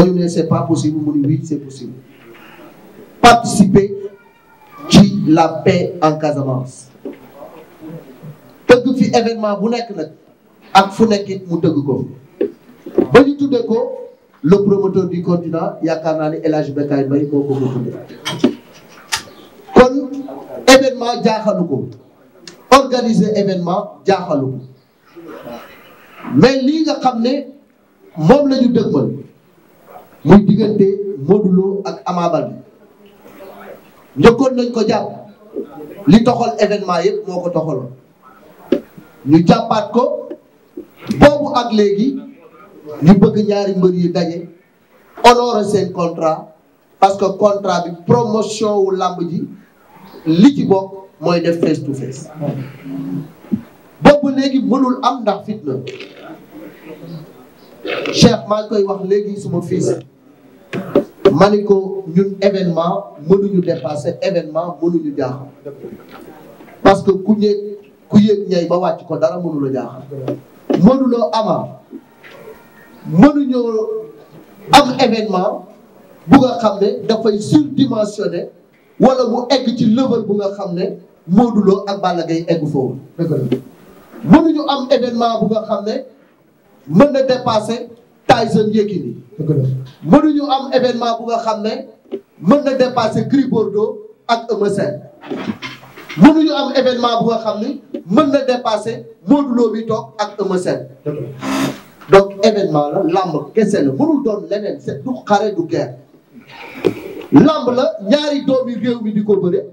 dañu ne c'est pas possible mu ni oui c'est possible participer ci la paix en Casamance tëgg fi événement bu nekk nag ak fu nekkit mu tëgg ko ba ñu ko le promoteur du continent yaakaar naa ne El Hadj yi Mbaye moo ko ko tuddee kon événement jaaxalu ko organiser événement jaaxalu ko mais lii nga xam ne moom la ñu dëgmal diggante Modou ak Ama bi njëkkoon nañ ko jàpp li toxal événement yëpp moo ko toxaloon ñu jàppaat ko boobu ak léegi ñu bëgg ñaari mbër yi daje honorer seen contrat parce que contrat bi promotion wu làmb ji li ci bokk mooy def face to face boobu léegi mënul am ndax fitna Cheikh maa koy wax léegi suma fils ma ni ko ñun événement mënuñu dépassé événement mënuñu jaaxal parce que ku ñeeg ku yéeg ñay ba wàcc ko dara mënu la jaaxal mënuloo ama mënuñoo am événement bu nga xam ne dafay surdimensionné wala mu egg ci level bu nga xam ne Modou Lo ak Balla Gaye egg foofu mënuñu am événement bu nga xam ne mën na dépassé Tyson Yékini mënuñu am événement bu nga xam ne mën na dépasser Gris Bordeaux ak Eumeu mënuñu am événement bu nga xam ne mën na dépasser Modou Lo bi toog ak Eumeu donc événement la làmb kese la mënul doon leneen c'est du xare du guerre lamb la ñaari doomi réew mi di ko bëre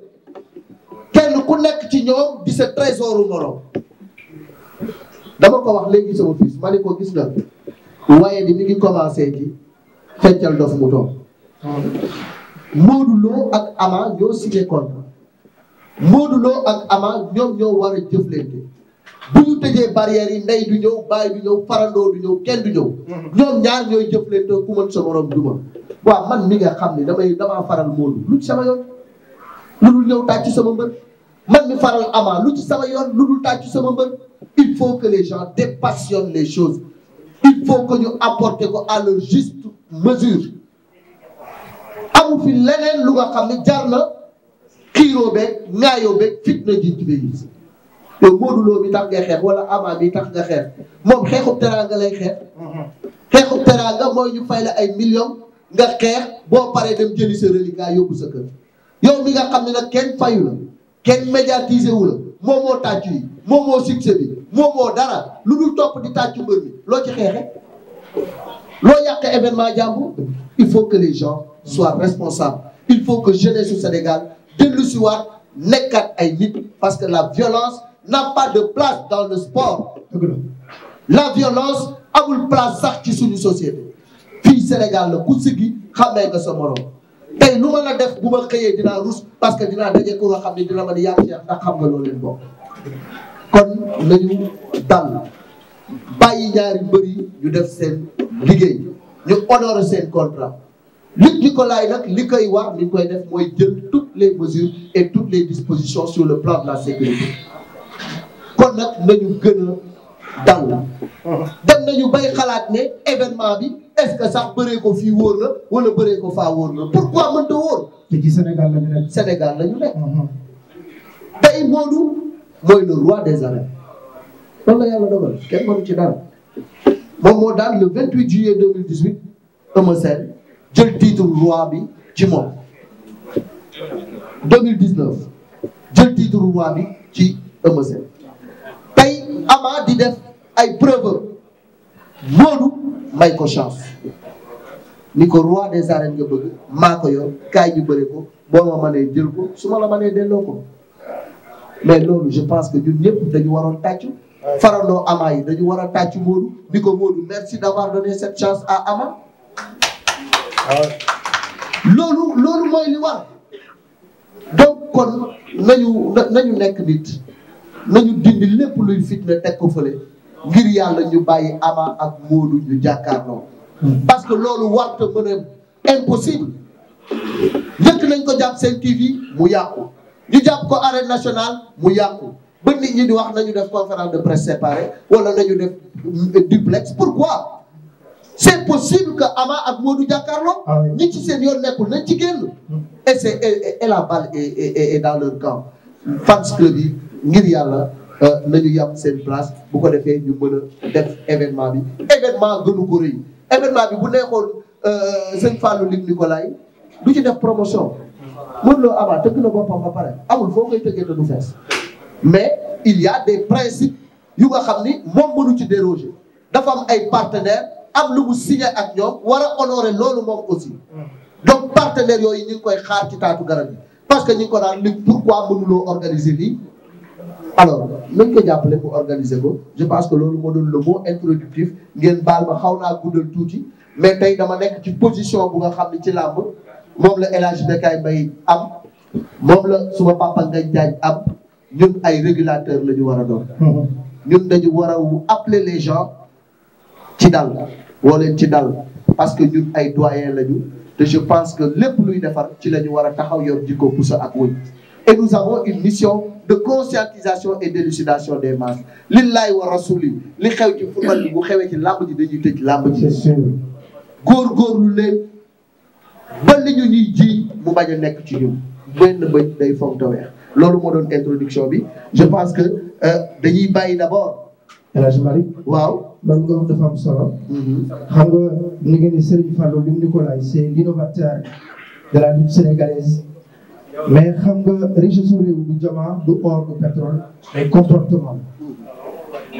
kenn ku nekk ci ñoow di sa trésoru morom dama ko wax léegi sama fils ma ne ko gis nga waaye di mi ngi commencé ci feccal dof mu toog Modou ak Ama ñoo signé contrat Modou Lo ak Ama ñoom ñëw war a jëflante bu ñu tëjee barrière yi ndey du ñëw baay du ñëw farandoo du ñëw kenn du ñëw. ñoom ñaar ñooy jëflante ku mën sa morom duma. waaw man mi nga xam ne damay damaa faral Modou lu ci sama yoon lu dul ñëw tàcc sama mbër man mi faral Ama lu ci sama yoon lu dul tàcc sama mbër il faut que les gens dépassionnent les choses il faut que ñu apporter ko à leur juste mesure amu fi leneen lu nga xam ne jar na xiiroo beeg ŋaayoo beeg fitna ji ci biir yow Modou Lo bi tax nga xeex wala Ama bi tax nga xeex moom xeexub teraanga lay xeex. xeexub teraanga mooy ñu fay la ay million nga xeex boo paree dem jëli sa reliquat yóbbu sa kër yow mi nga xam ne nag kenn fayu la kenn médiatisé wu la moom moo tàcc yi moom moo succès bi moom moo dara lu dul topp di tàccu mbër mi loo ci xeexe loo yàq événement jàmbur il faut que les gens soient responsables il faut que jeunesse su Sénégal dellu si waat nekkaat ay nit parce que la violence n'a pas de place dans le sport la violence amul place sax ci suñu société fii Sénégal la ku sigi xam ne nga sa morom tey lu ma la def bu ma xëyee dinaa rus parce que dinaa daje ko nga xam ne dina mën a yàq na xam nga loolu leen bokk kon nañu bàyyi ñaari bëri ñu def seen liggéey ñu honoré seen contrat Luc Nicolaï nag li koy war li koy def mooy jël toutes les mesures et toutes les dispositions sur le plan de la sécurité kon nag nañu gën a dal dem nañu bay xalaat ne événement bi est sax bëree ko fi wóor na wala bëree ko faa wóor na pourquoi mënta wóor te ci Sénégal la ñu nekk Sénégal la nekk mhm. tey Modou mooy le roi des arènes loolu la yàlla dogal kenn mënu ci dara moom moo daan le 28 juillet 2018 Eumeu Sène jël titre roi bi ci moom 2019 jël titre roi bi ci Eumeu tey Ama di def ay preuve Modou may ko chance ni ko roi des arènes nga bëgg maa ko yor kaay ñu bëre ko boo ma manee jël ko su ma la manee delloo ko mais loolu je pense que ñun ñëpp dañu waroon tàccu farandoo Ama yi dañu war a tàcc Modou ni ko Modou merci d'avoir donné cette chance à Ama loolu loolu mooy li war donc kon nañu nekk nit nañu dindi lépp luy fitna teg ko fële ngir yàlla ñu bàyyi Ama ak Modou ñu jàkkaarloo parce que loolu warta mën a impossible yëkk nañ ko jàpp seen TV mu yàqu ñu jàpp ko arène national mu yàqu ba nit ñi di wax nañu def conférence de presse séparée wala nañu def duplex pourquoi c'est possible que Ama ak du jàkkaarloo ah ñi ci seen yoon nekkul nañ ci génn et c'est la balle est, est, est dans leur camp fans club yi ngir yàlla euh, nañu yàpp seen place bu ko defee ñu mën a def événement bi événement gënu ko rëy événement bi bu neexoon euh, sëñ Fallou Luc Nicolaï du ci def promotion mën loo Ama tëgg na boppam ba pare amul foo koy tëggee te du fees mais il y a des principes yu nga xam ni moom mënu ci déroger dafa am ay partenaires am lu mu signé ak ñoom war a honorer loolu moom aussi donc partenaires yooyu ñu ngi koy xaar ci taatu garab yi parce que ñu ngi ko naan li pourquoi mënuloo organiser lii alors nañ ko jàppale mu organiser ko je pense que loolu moo doon le mot introductif ngeen baal ma xaw naa guddal tuuti mais tey dama nekk ci position bu nga xam ni ci làmb moom la El Hadj Bécaye Mbaye am moom la suma papa Ngagne Diagne am ñun ay régulateurs la ñu war a doon. Mhm. ñun dañu war a appeler les gens ci dal woo ci dal parce que ñun ay doyen lañu te je pense que lépp luy defar ci lañu ñu war a taxaw yor jikko pusa ak wëñ et nous avons une mission de conscientisation et d'élucidation des masses lillaay wa rasuli li xew ci football bi bu xewee ci làmb ji dañuy tëj làmb ji góorgóorlu leen ba li ñu ñuy ji bu bañ a nekk ci ñun benn bëñ day foog te weex loolu moo doon introduction bi je pense que euh, dañuy bàyyi d'abord. El Hadj Malick. waaw loolu nga wax solo. Mhm. xam nga ni ngeen di Serigne Fallou Lim Nicolas de la lutte sénégalaise. mais xam nga richesse su réew du jamaa du or du comportement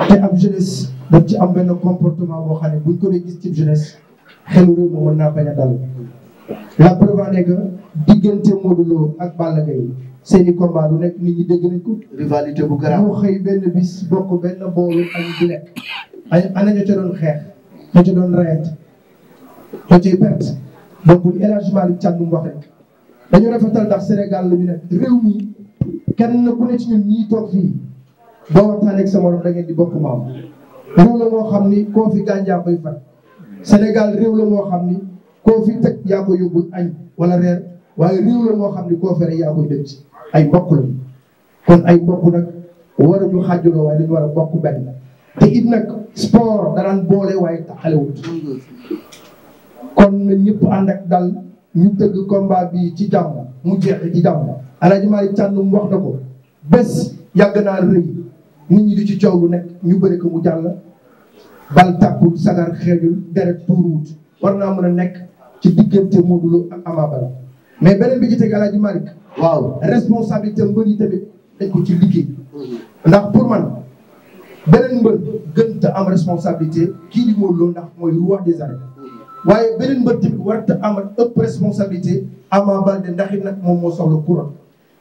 te ab jeunesse ci am benn comportement boo xam ne buñ ko dee gis ci jeunesse xelu réew diggante Modou ak Balla Gaye seeni combat du nekk nit ñi dégg nañ ko. rivalité bu garaaw xëy benn bis bokk benn boolu añ bu lekk. ay ana ña ca doon xeex ña ca doon rayet ña cay perte donc élargement li Thiam Sénégal la ñu nekk réew mi kenn ku ne ci ñun ñii toog fii di bokk maam. réew xam ni koo fi gaañ yaa koy fat Sénégal réew moo xam ni koo fi teg yaa koy yóbbul añ wala reer waaye réew la moo xam ni koo fere yaa koy ay mbokk lañ kon ay mbokk nag waruñu xàjjuloo waaye dañu war a bokk benn te it nag sport daraan boole waaye taxalewut kon na ñëpp ànd ak dal ñu tëgg combat bi ci jàmm mu jeexe ci jàmm Alaaji Maalik Càndum wax na ko bés yàgg naa rëy nit ñi di ci coow lu nekk ñu bëri ko mu jàll bal tàppul sagar xeejul deret tuuruwut war naa mën a nekk ci diggante Modou Lo ak Ama Baldé mais beneen bi ci teg Alaaji waaw responsabilité mbër yi tamit dañ ci liggéey. ndax pour man beneen mbër gën te am responsabilité kii di Modou Lo ndax mooy wax des arènes. waaye beneen mbër tamit war te amal ëpp responsabilité Ama Baldé ndax it nag moom moo soxla couronne.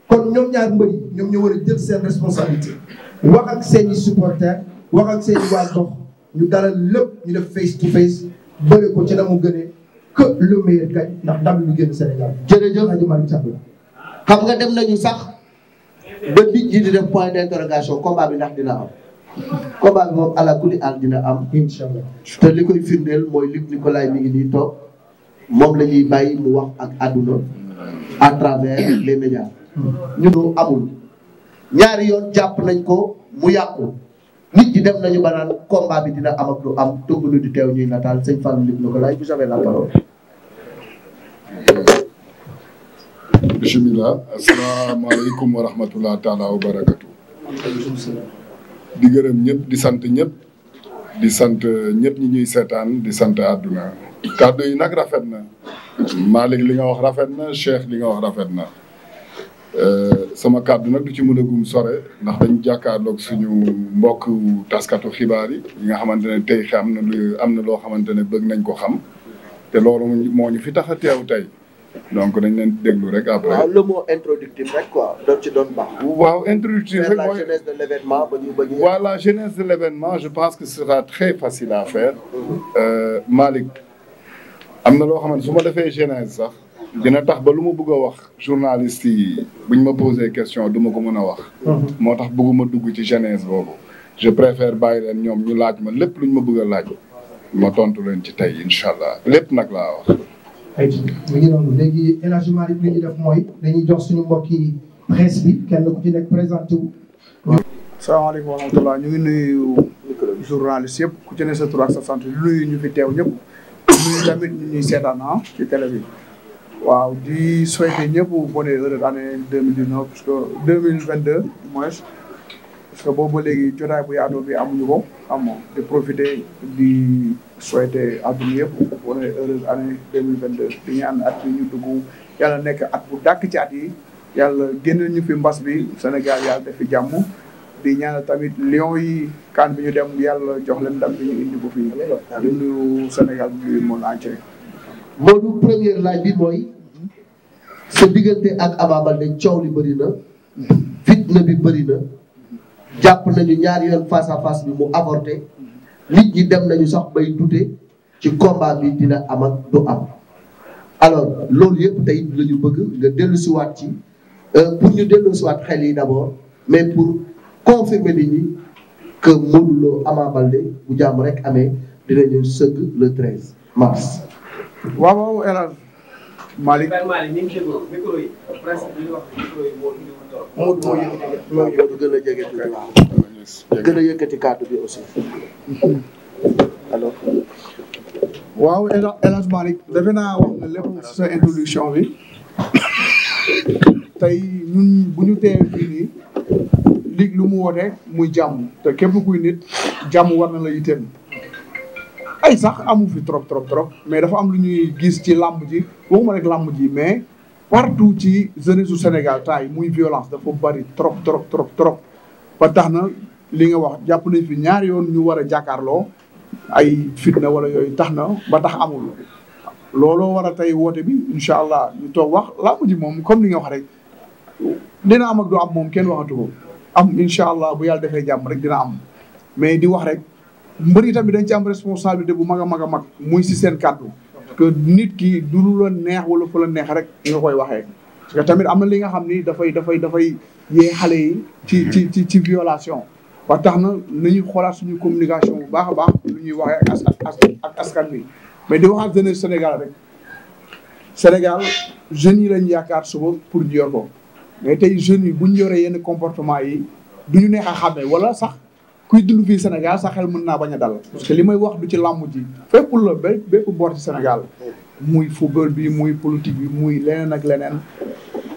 kon ñoom ñaar mbër yi ñoom ñoo war a jël seen responsabilité wax ak seen i supporters wax ak seen i waa gox ñu dalal lépp ñu def face to face bëri ko ci na mu gënee que le meilleur gagne ndax ndam lu génn Sénégal jërëjëf Aliou Malick Thiam. xam nga dem nañu sax ba nit ñi di def point d'interrogation combat bi ndax dina am combat bi am li koy firndeel mooy Luc Nicolaï mi ngi nii toog moom lañuy ñuy bàyyi mu wax ak àdduna à travers les médias hmm. ñunu amul ñaari yoon jàpp nañ ko mu yàqu nit ñi dem nañu ba naan combat dina am ak lu am tëgg lu di teew ñuy nataal sëñ Fallou Luc Nicolaï vous avez la parole bisimilah asalaamaaleykum wa rahmatulah taalaa wa barakatu di gërëm ñëpp di sant ñëpp di sant ñëpp ñi ñuy seetaan di sant àdduna kàddu yi nag rafet na Malick li nga wax rafet na Cheikh li nga wax rafet na euh, sama kàddu nag du ci mën a gum sore ndax dañ jàkkaarloog suñu mbokk taskatu xibaar yi yi nga xamante ne tey am na lu am na loo xamante ne bëgg nañ ko xam te loolu mooñu fi tax a teew tey donc dañ leen déglu rek après. waaw le mot introductif rek quoi doon ci doon baax. waaw introductif rek mooy la jeunesse de l' événement je pense que ce sera très facile à faire. Mm-hmm. Euh, Malick am na loo xamante su ma defee jeunesse sax. dina tax ba lu ma bëgg a wax journaliste si buñ ma posé question du ma ko mën a wax. Mm-hmm. moo tax bëgguma dugg ci jeunesse boobu. je préfère bàyyi leen ñoom ñu laaj ma lépp luñ ma bëgg a laaj ma tontu leen ci tey incha allah lépp nag laa wax. ay mi ngi noonu léegi élargement bi li ñu def mooy dañuy jox suñu mbokki presse bi kenn ku ci nekk présenté ñu ngi nuyu journaliste yëpp ku ci ne sa tur sa sant di ñu fi teew ñëpp nuyu tamit ñu ñuy seetaan ah ci télé bi. waaw di souhaité ñëpp bonne heureuse année deux mille dix neuf parce que deux mille vingt deux mois parce que boobu léegi jotaay bu yaatoo bi amuñu ko xam nga di profité souhaité àdduna yëpp wane heureuse année deux ñaan at yi ñu dugg yàlla nekk at bu dàkk ci at yi yàlla génn ñu fi mbas bi Sénégal yàlla def fi jàmm di tamit lion yi kan bi ñu dem yàlla jox leen ndam bi ñu indi ko fii di nuyu Sénégal bi ñu mën entier Modou première laaj bi mooy sa diggante ak Ama Baldé coow li bëri na fitna bi bëri na jàpp nañu ñaari yoon face à face bi mu avorté nit ñi dem nañu sax bay dute ci combat bi dina am du am alors loolu yëpp tey la ñu bëgg nga dellusiwaat ci euh, pour ñu dellusiwaat xel yi d'abord mais pour confirmer nit ñi que Modou Lo Ama Baldé bu jàmm rek amee dina ñu sëgg le 13 mars. waaw waaw El Hadj Malick. micro yi. presque li ñu wax a gën a yëkkati kàddu bi aussi alors waaw El Hadj defe naa wax na lépp sa introduction bi tey ñun bu tee fii nii lu mu woote muy jàmm te képp kuy nit jàmm war na la yitteel ay sax amu fi trop trop mais dafa am lu ñuy gis ci làmb ji waxuma rek làmb ji mais partout ci jeunesse su Sénégal taay muy violence dafa bari trop trop trop trop tax na li nga wax jàpp nañ fi ñaari yoon ñu war a jàkkaarloo ay fitna wala yooyu tax na ba tax amul looloo war a tey woote bi incha allah ñu toog wax làmb ji moom comme li nga wax rek dina am ak du am moom kenn waxatu ko am incha allah bu yàlla defee jàmm rek dina am mais di wax rek mbër yi tamit dañ ci am responsabilité bu mag a mag a mag muy si seen kàddu que nit ki du la neex wala fu la neex rek nga koy waxee parce que tamit am na li nga xam ni dafay dafay dafay xale yi ci ci ci ci violation ba tax na nañu xoolaat suñu communication bu baax a baax lu ñuy waxee ak askan bi mais di waxaat jeunesse Sénégal rek Sénégal jeunes yi lañ yaakaar suba pour ñu yor mais tey jeunes yi bu ñu yoree yenn comportement yi du ñu neex a wala sax kuy dund fii Sénégal sa xel mën naa bañ a dal. parce que li may wax du ci làmmu ji fépp la bépp bépp boor ci Sénégal muy football bi muy politique bi muy leneen ak leneen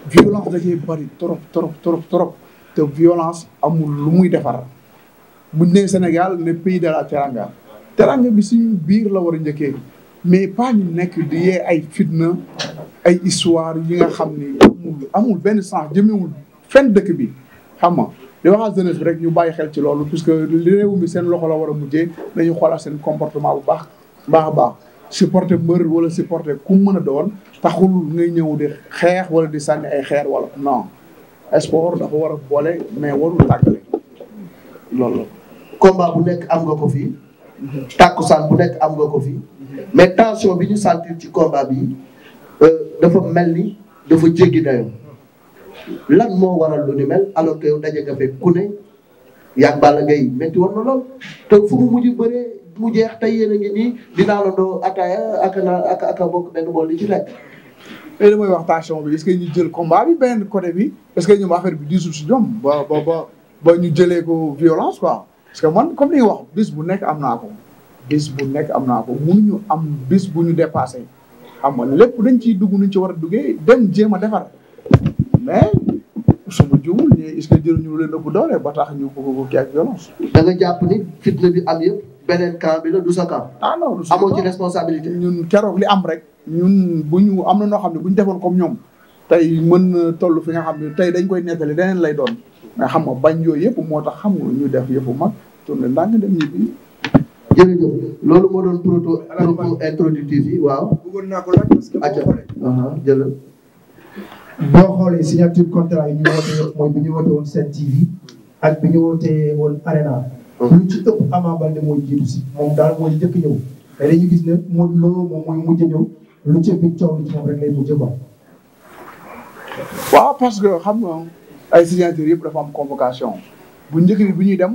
violence da cee bari trop trop trop trop te violence amul lu muy defar. bu ñu nee Sénégal ne pays de la teranga teranga bi suñu biir la war a njëkkee mais pas ñu nekk di yee ay fitna ay histoire yi nga xam ni amul amul benn sens jëmewul fenn dëkk bi xam nga di waxaat jeunesse bi rek ñu bàyyi xel ci loolu puisque li réew mi seen loxo la war a mujjee dañu xoolaat seen comportement bu baax baax a baax supporter mbër wala supporter ku mën a doon taxul ngay ñëw di xeex wala di sànni ay xeer wala non sport dafa war a boole mais warul tàggale loolu la combat bu nekk am nga ko fii tàkkusaan bu nekk am nga ko fii mais tension bi ñu sentir ci combat bi euh, dafa mel ni dafa jéggi dayoo lan moo waral lu ni mel alors que yow daje nga fekk ku ne yàgg Balla Gaye métti na lool te fu mu yéen a ngi dinaa la ak naa ak ak bokk benn bool li ci nekk. léegi damay wax tension bi est que ñu jël combat bi benn côté bi est que ñoom affaire bi diisul si ñoom ba ba ba ñu jëlee ko violence quoi. parce que man comme li nga wax bis bu nekk am naa ko bis bu nekk am naa ko mënuñu am bis bu ñu dépassé xam lépp dañ ciy dugg nuñ ci war a duggee dem jéem a defar mais suma juumul ñi est-ce que jëruñu leen ëpp doole ba tax ñu bëgg ko kii ak violence da nga jàpp ni fitna bi am yëpp beneen bi la du sa camp ah non ci responsabilité ñun keroog li am rek ñun bu ñu am na noo xam ne buñ defoon comme ñoom tey mën tollu fi nga xam ne tey dañ koy nettali deneen lay doon ma xam nga bañ yooyu yëpp moo tax xam nga ñu def yëfu mag tourné ndànk dem ñu bi jërëjëf loolu moo doon proto proto introductif yi waaw. bëggoon naa ko laaj parce que boo boo xoolee signature contrat yi ñu woote ñu woote woon Sen TV ak bi ñu wootee woon Arena. Oh. lu ci ëpp Ama Baldé mooy jiitu si moom daal mooy njëkk ñëw mais dañu gis ne Modou Lo moom mooy mujj ñëw lu ci biir coow ci moom rek lay mujj quoi. waaw parce que xam ay signature yëpp dafa am convocation bu njëkk bi bu ñuy dem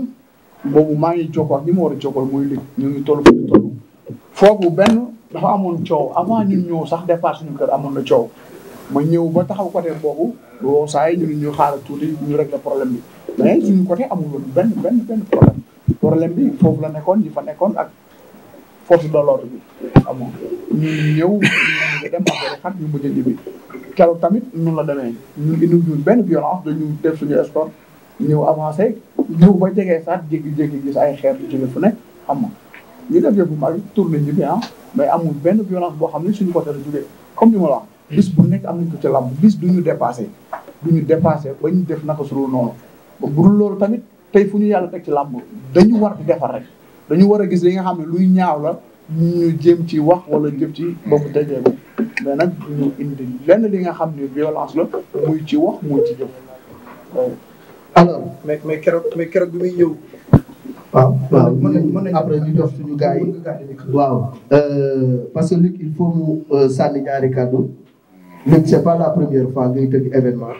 boobu maa ngi jokkoo ak ñi ma war a jokkal muy lig ñu ngi toll fu ñu toll foofu benn dafa amoon coow avant ñun ñëw sax départ suñu kër amoon na coow ma ñëw ba taxaw côté boobu woo saa yi ñu ne ñu xaaral tuuti ñu régler problème bi mais suñu côté amul woon benn benn benn problème problème bi foofu la nekkoon ñi fa nekkoon ak force de l'ordre bi amoon ñu ñëw màgg dem màgg rek ñu mujj a ñibbi keroog tamit noonu demee ñun indi ñun benn violence dañu def suñu escorte ñëw avancé ñëw ba jegee saat jékki-jékki gis ay xeer yu fu nekk xam nga ñu def yëfu mag tourné ñibbi ah mais amul benn violence boo xam ne suñu côté la jógee comme ni ma wax bis bu nekk am nañ ko ci làmb bis du ñu dépassé du ñu dépassé ba ñu def naka suru noonu ba budul loolu tamit tey fu ñu yàlla teg ci làmb dañu war di defar rek dañu war a gis li nga xam ne luy ñaaw ñu jëm ci wax wala jëm ci boppu tegee mais nag ñu indi lenn li nga xam ne violence la muy ci wax muy ci jëf euh, alors mais mais bi muy ñëw. waaw waaw mën après ñu jox suñu gars waaw waaw euh, parce que Luc il faut mu euh, sànni ñaari kàddu Luc c'est pas la première fois ngay tëgg événement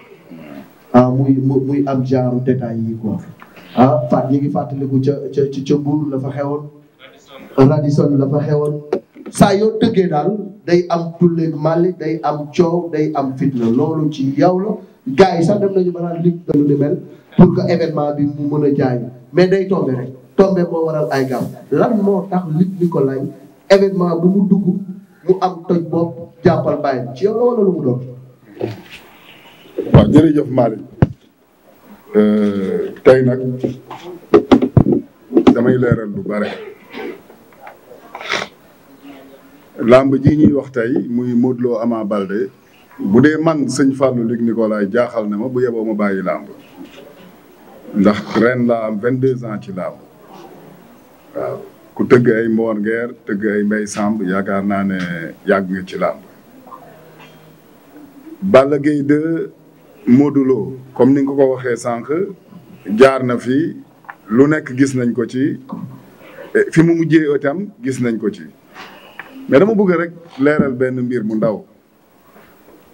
ah muy muy am genre détail yi quoi ah Fatou ñu ngi fàttaliku ca ci ca Mbour la fa xewoon. alaaji Soni la fa xewoon saa yoo tëggee daal day am tulleeg màlli day am coow day am fitna loolu ci yaw la gars yi sax dem nañu maanaam lig dañu di mel pour que événement bi mu mën a jaay mais day tombé rek tombé moo waral ay gaaw lan moo tax lig Nicolas événement bu mu dugg mu am toj bopp jàppal bàyyi ci yow lu mu doon waaw jërëjëf Malick euh, tey nag damay leeral lu bare làmb ji ñuy wax tey muy Modou Ama Baldé bu dee man sëñ Fallou Luc Nicolaï jaaxal na ma bu yeboo ma bàyyi làmb ndax ren laa am 22 ans ci làmb waaw ku tëgg ay Mor Nguer tëgg ay Mbaye Samb yaakaar naa ne yàgg ci làmb Balla Gaye 2 Modou Lo comme ni nga ko waxee sànq jaar na fi lu nekk gis nañ ko ci eh, fi mu mujjee itam gis nañ ko ci mais dama bëgg rek leeral benn mbir mu ndaw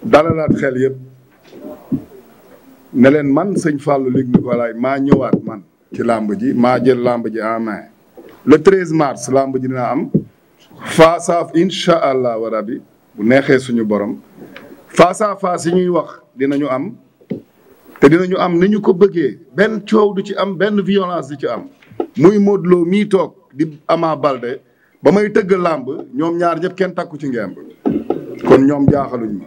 dalalaat xel yëpp ne leen man sëñ Fallou Luc Nicolaï maa ñëwaat man ci làmb ji maa jël làmb ji en main le 13 mars làmb ji am face à incha allah wa rabbi bu neexee suñu borom face à face yi ñuy wax dinañu am te dinañu am ni ñu ko bëggee benn coow du ci am benn violence du ci am muy Modou Lo mii toog di Ama Balde ba may tëgg làmb ñoom ñaar ñëpp kenn takku ci ngemb kon ñoom jaaxaluñ ma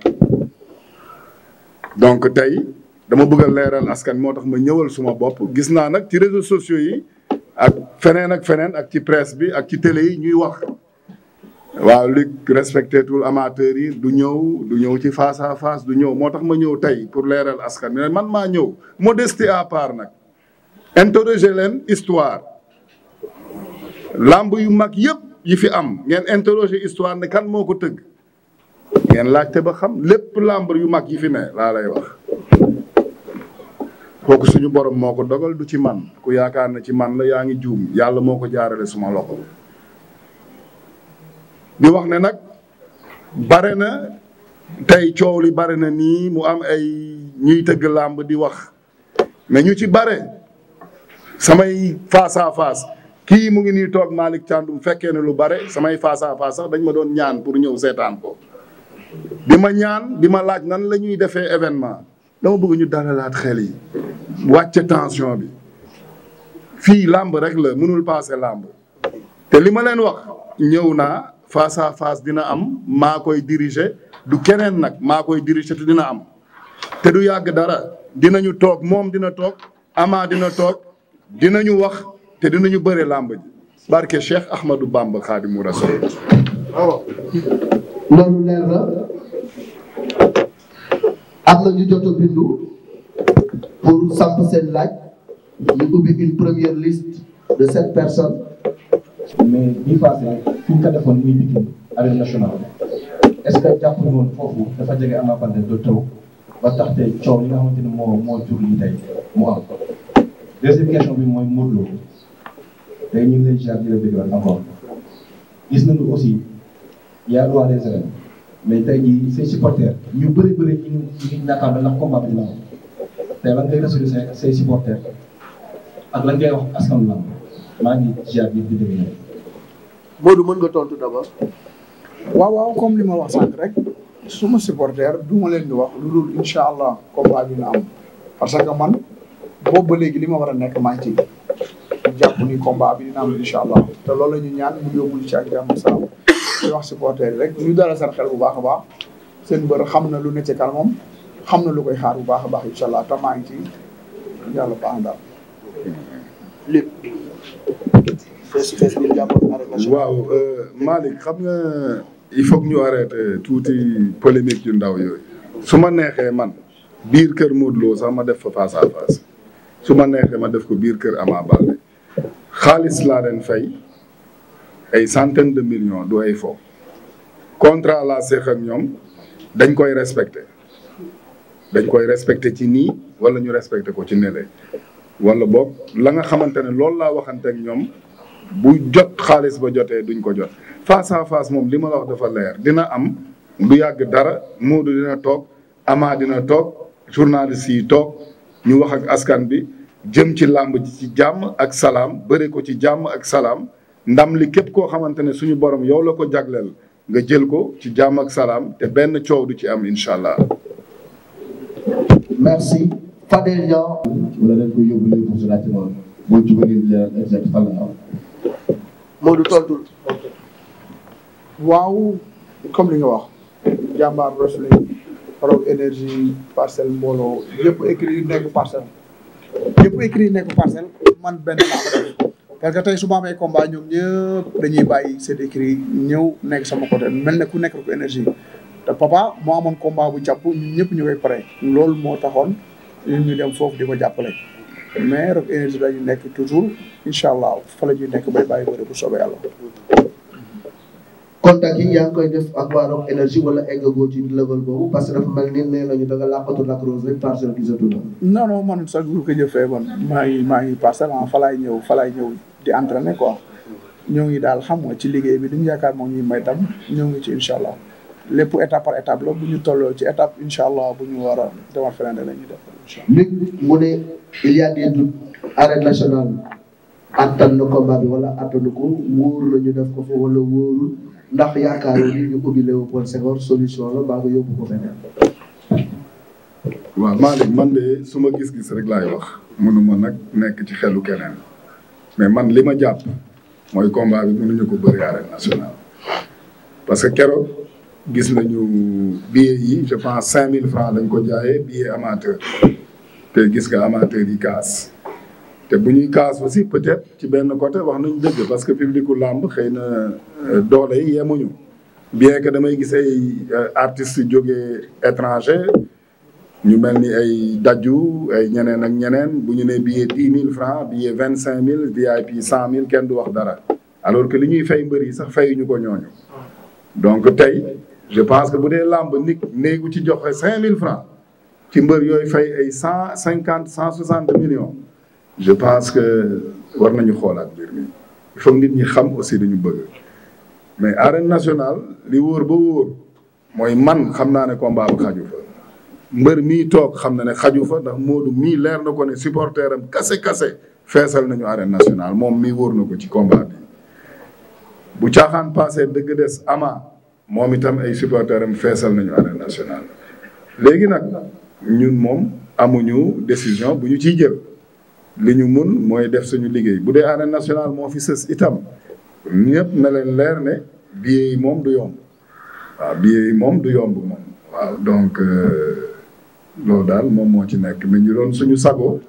donc tey dama bëgg a leeral askan moo tax ma ñëwal suma bopp gis naa nag ci réseaux sociaux yi ak feneen ak feneen ak ci presse bi ak ci télé yi ñuy wax waaw li respecte tout amateur yi du ñëw du ñëw ci face à face du ñëw moo tax ma ñëw tey pour leeral askan bi man maa ñëw modestie à part nag interroger leen histoire làmb yu mag yëpp yi fi am ngeen interroger histoire ne kan moo ko tëgg ngeen laajte ba xam lépp làmbar yu mag yi fi ne laa lay wax kooku suñu borom moo ko dogal du ci man ku yaakaar ne ci man la yaa ngi juum yàlla moo ko jaarale suma loxo di wax ne nag bare na tey coow li bare na nii mu am ay ñuy tëgg làmb di wax mais ñu ci bare samay face à kii mu ngi nii toog Malick Thiandoum fekke ne lu bare samay face à face sax dañ ma doon ñaan pour ñëw seetaan ko di ma ñaan di ma laaj nan la ñuy defee événement dama bëgg ñu dalalaat xel yi wàcce tension bi fii làmb rek la mënul passé làmb te li ma leen wax ñëw naa fasa à dina am maa koy diriger du keneen nag maa koy diriger te dina am te du yàgg dara dinañu toog moom dina toog Ama dina toog dinañu wax te dinañu bëre làmb ji barke Cheikh Ahmadou Bamba Xaadimu Rasuul loolu leer na am na ñu jot a bindu pour samp seen laaj ñu ubbi une première liste de sept personnes mais bii passé ce que foofu dafa jege Ama Baldé do taw ba tax te coow li nga xamante ni moo moo jur lii tey mu am deuxième question mooy Modou Lo tey ñu ngi leen siyaar di leen bëgg encore gis nañu aussi y a droit des élèves mais tey jii seen supporters ñu bëri bëri ñu ngi ñu ñàkkaar ndax combat bi dina am tey lan ngay rassurer say say supporters ak lan ngay wax askan lam maa ngi siyaar di di déglu. Modou mën nga tontu d'abord. waaw waaw comme li ma wax sànq rek suma supporter du ma leen di wax lu dul incha allah combat bi na am parce que man boobu ba léegi li ma war a nekk maa ngi ñu jàpp ni combat bi dina am incha allah te loolu la ñu ñaan mu yóbbul ci ak jàmm salaam di wax supporter rek ñu dalal seen xel bu baax a baax seen mbër xam na lu ne ci kanamam xam na lu koy xaar bu baax a baax incha allah te maa ngi ci yàlla baax daal. lépp. waaw euh, Malick xam nga il faut que ñu arrêté tuuti polémique yu ndaw yooyu. su ma neexee man biir kër Modou Lo sax ma def fa face à su ma neexee ma def ko biir kër Ama Baldé xaalis laa leen fay ay centaine de millions du ay fo contrat laa seex ñoom dañ koy respecté dañ koy respecté ci nii wala ñu respecté ko ci nele wala boog la nga xamante ne loolu laa waxante ak ñoom bu jot xaalis ba jotee duñ ko jot face à face moom li ma la wax dafa leer dina am du yàgg dara Modou dina toog Ama dina toog journaliste yi toog ñu wax ak askan bi jëm ci làmb ji ci jàmm ak salaam bëre ko ci jàmm ak salaam ndam li képp koo xamante ne suñu borom yow la ko jagleel nga jël ko ci jàmm ak salaam te benn coow du ci am incha allah. merci. Fadel Niang. wala dañ koy yóbbu comme li nga wax. Rock énergie parcelle mbooloo yëpp écrit yu nekk parcelle yëpp écrit yu nekk parcelle man benn laa parce que tey su ma amee combat ñoom ñëpp dañuy bàyyi seen écrit ñëw nekk sama côté mel ne ku nekk Rock énergie te papa maam amoon combat bu jàpp ñëpp ñu koy pare loolu moo taxoon ñun ñu dem foofu di ko jàppale mais Rock énergie dañu nekk toujours incha allah fa la ñuy nekk bay bàyyi bëri bu soobee yàlla contact yi yaa ngi koy def ak waa Rock Énergie wala eggagoo ci level boobu parce que dafa mel ni nee nañu da nga làqatu Lac Rose la. non non ko jëfee maa ngi maa ngi parcelle ah fa laay ñëw fa laay ñëw di entraîner ñoo ngi daal xam nga ci liggéey bi duñu yaakaar moom ñuy may tam ñoo ngi ci incha allah lépp étape par étape bu ñu tolloo ci étape incha allah bu ñu war a demal feneen la ñuy def incha allah. nit mu ne il y a des doutes arène nationale na combat bi wala attanu ko wóor la ñu def ko fa wala wóorul. ndax yaakaar ni ñu ubbi Léopold Senghor solution la baa nga yóbbu ko beneen. waaw Malick man de su ma gis-gis rek laay wax mënuma nag nekk ci xelu keneen mais man li ma jàpp mooy combat bi mënuñu ko bëri arène parce que keroog gis nañu billet yi je pense cinq mille francs lañ ko jaayee billet amateur te gis nga amateur yi kaas. te bu ñuy kaas aussi peut-être ci benn côté wax nañ dëgg parce que publicu làmb xëy na euh, doole yi yemuñu bien que damay gis ay euh, artistes yu jógee étranger ñu mel ni ay daju ay ñeneen ak ñeneen bu ñu nee billet dix mille francs billet vingt cinq mille VIP cent mille kenn du wax dara alors que li ñuy fay mbër yi sax fayuñu ko ñooñu. donc tey je pense que bu dee làmb nit néegu ci joxe cinq mille francs ci mbër yooyu fay ay cent cinquante cent soixante millions. je pense que war nañu xoolaat mbir mi il nit ñi xam aussi dañu bëgg mais arène national li wóor ba wóor mooy man xam naa ne combat ba xaju fa mbër mii toog xam na ne xaju fa ndax Modou mii leer na ko ne supporter am kase kase feesal nañu arène nationale moom mii wóor na ko ci combat bu caaxaan passé dëgg des ama moom itam ay supporter am feesal nañu arène national léegi nag ñun moom amuñu décision bu ñu ciy jël li ñu mun mooy def suñu liggéey bu dee arène nationale moo fi sës itam ñëpp na leen leer ne billets moom du yomb waaw billets moom du yomb moom. waaw donc euh, loolu daal moom moo ci nekk mais ñu doon suñu sago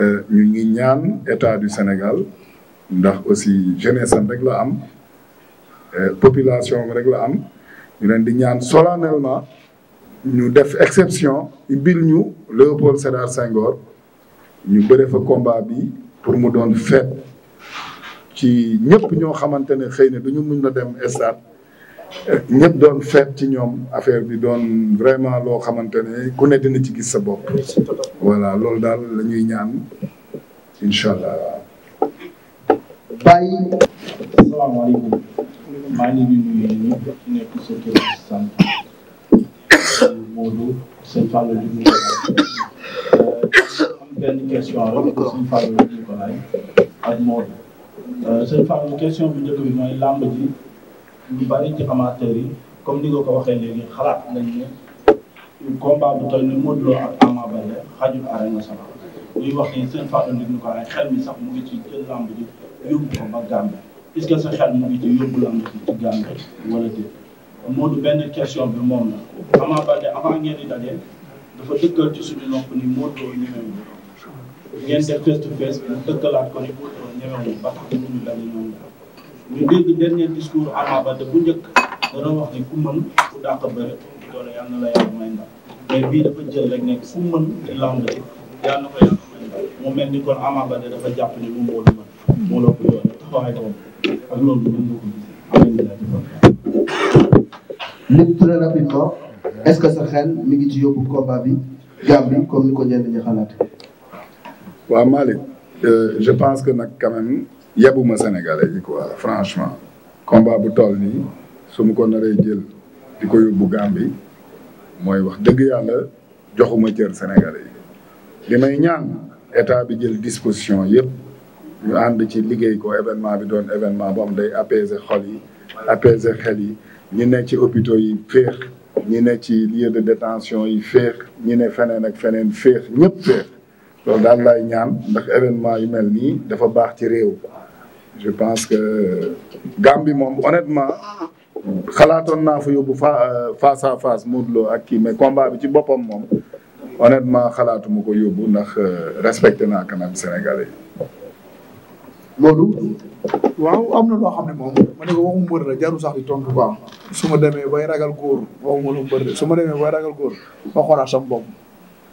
euh, ñu ngi ñaan état du Sénégal ndax aussi jeunesse am rek la am euh, population rek la am ñu leen di ñaan solennellement ñu def exception ibil ñu Léopold Sédar Senghor. ñu bëre fa combat bi pour mu doon fête ci ñëpp ñoo xamante ne xëy na du ñu mun na dem stade ñëpp doon fête ci ñoom affaire bi doon vraiment loo xamante ne ku ne dina ci gis sa bopp. voilà loolu daal la ñuy ñaan incha allah. benn question rek pour suñu Fallou Nicolai ak Maodo euh, suñu Fallou question bu njëkk bi mooy làmb ji ñu bari ci amateurs yi comme ni nga ko waxee léegi xalaat nañ ne combat bu toll ni Modou Lo xajul Arène ñuy wax ni suñu Fallou mi sax mu ngi ci jël làmb ji yóbbu ko ba Gambie est sa xel mu ngi ci yóbbu làmb ji ci Gambie wala déet benn question bi moom la Ama Baldé avant ngeen di daje dafa dëggal ci suñu nopp ni Modou Lo ñemewul ngeen def face to face mu tëkkalaat ko ni bu ñëwewul ba tax mënuñu la ñoom ñu dernier discours Ama bu njëkk dana wax ni ku mën ku dàq bëre doole bii dafa jël mel ni kon Ama dafa jàpp ni moom moo mën moo ko yoon taxawaay doom ak loolu lu ko léegi ce que sa xel mi ngi ci yóbbu combat bi Gambie comme ni ko ñenn ñi xalaat waa waaw Malick euh, je pense que nag quand même yebuma sénégalais yi quoi franchement combat bu tool nii su ma ko naree jël di ko yóbbu Gambie mooy wax dëgg yàlla joxuma cër sénégalais yi li may ñaan état bi jël disposition yëpp ñu ànd ci liggéey ko événement bi doon événement boo day apaiser xol yi apaiser xel yi ñu ne ci hôpitaux yi féex ñu ne ci lieu de détention yi féex ñu ne feneen ak feneen féex ñëpp féex loolu daal laay ñaan ndax événement yu mel nii dafa baax ci réew je pense que Gambie moom honnêtement xalaatoon naa fa yóbbu euh, face à face Modou ak kii mais combat bi ci boppam moom honnêtement xalaatuma ko yóbbu ndax euh, respecté naa quand même sénégalais yi waaw am na loo xam ne moom ma ne ko waxu mbër la jaru sax di tontu quoi su ma demee bay ragal góor waxuma lu mbër su ma demee bay ragal góor ma xoolaat bopp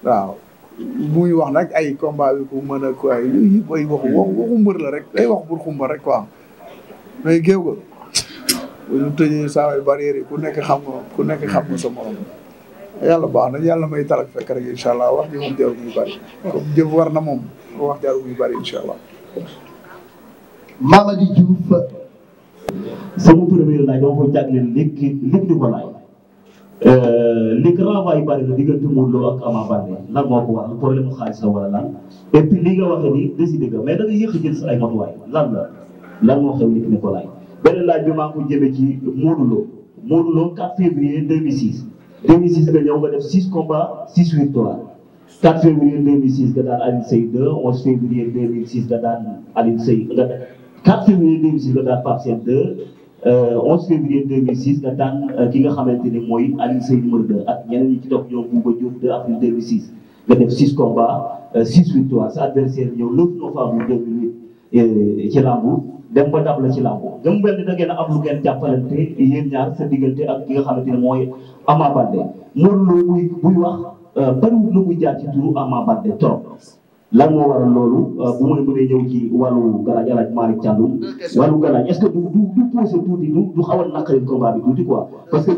waaw muy wax nag ay combat bi ku mën a ko ay ay waxu waxu mbër la rek ay wax bur xumba rek quoi mais géew ga bu ñu tëjee saa ku nekk xam nga ku nekk xam nga sa morom yàlla baax na yàlla may talag fekk rek incha allah wax ji moom jarul muy bëri comme jëf war na moom wax jarul muy bëri incha allah Mamady li renvoi yi bëri na diggante Modou Lo ak Ama Baldé lan moo ko waral problème mu xaalis la wala lan et li nga waxee nii décidé nga mais da nga yéex a jël sa ay matuwaay lan la lan moo xew nit ñi ko laaj. beneen laaj bi maa ngi ko jëmee ci Modou Lo Modou Lo 4 février 2006 2006 nga ñëw nga def 6 combats 6 nga daan Alioune Seye nga daan Alioune Seye nga 4 nga daan Pape Sène 11 euh, février 2006 nga tànn euh, ki nga xamante ni mooy Alioune Seye numéro 2 ak ñeneen ñi ci topp ñoom Bouba Diouf 2 avril 2006 nga def 6 combats 6 euh, victoires sa adversaire ñëw 9 novembre 2008 ci làmbu dem ba dab la ci làmbu dem mel da ngeen a am lu ngeen jàppalante yéen ñaar sa diggante ak ki nga xamante ni mooy Ama Baldé Modou Lô buy buy wax bariwul lu muy jaar ci turu Ama Baldé trop. lan moo waral loolu euh, bu may mënee ñëw ci wàllu galaaj alaaj Malick Thiandoum euh, wàllu galaaj est-ce que du du du posé tuuti du du xaw a naqari combat bi tuuti parce que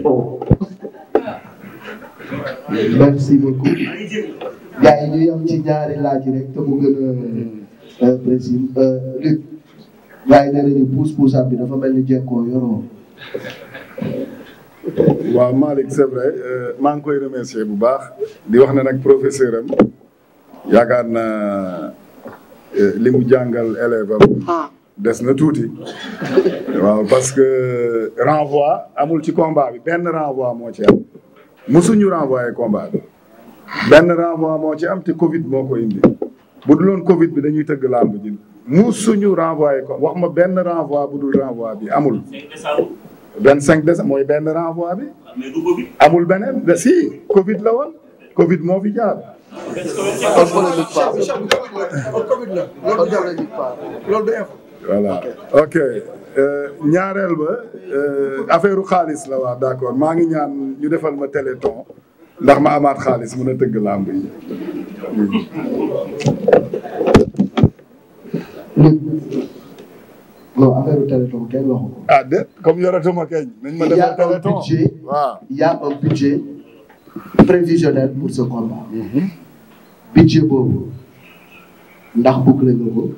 ko merci beaucoup gars yi ñu ci jaar laaj rek te mu gën a euh, précis Luc gars yi nee bi dafa mel ni jekkoo yoroo waaw Malick c'est vrai euh, maa ngi koy remercier bu baax di wax ne nag professeur am na naa euh, li mu jàngal élève ah. des na tuuti waaw parce que renvoi amul ci combat bi benn renvoi moo ci am musuñu renvoyé combat benn renvoi moo ci am te Covid moo ko indi bu dul woon Covid bi dañuy tëgg làmb ji musuñu renvoyé ko wax ma benn renvoi bu dul renvoi bi amul. vingt cinq décembre mooy benn renvoi bi. Ah, amul beneen de si Covid la woon Covid moo fi jaar. voilà ok euh, ñaareel ba euh, affaire xaalis la waa d'accord maa ngi ñaan ñu defal ma téléthon ndax ma amaat xaalis mu a tëgg làmb yi. Hmm. non affaire téléthon kenn waxu ko. ah déet comme yoratuma ma defal téléthon il y a un budget. waaw. il pour ce combat. Mhm. budget boobu ndax boucler nga ko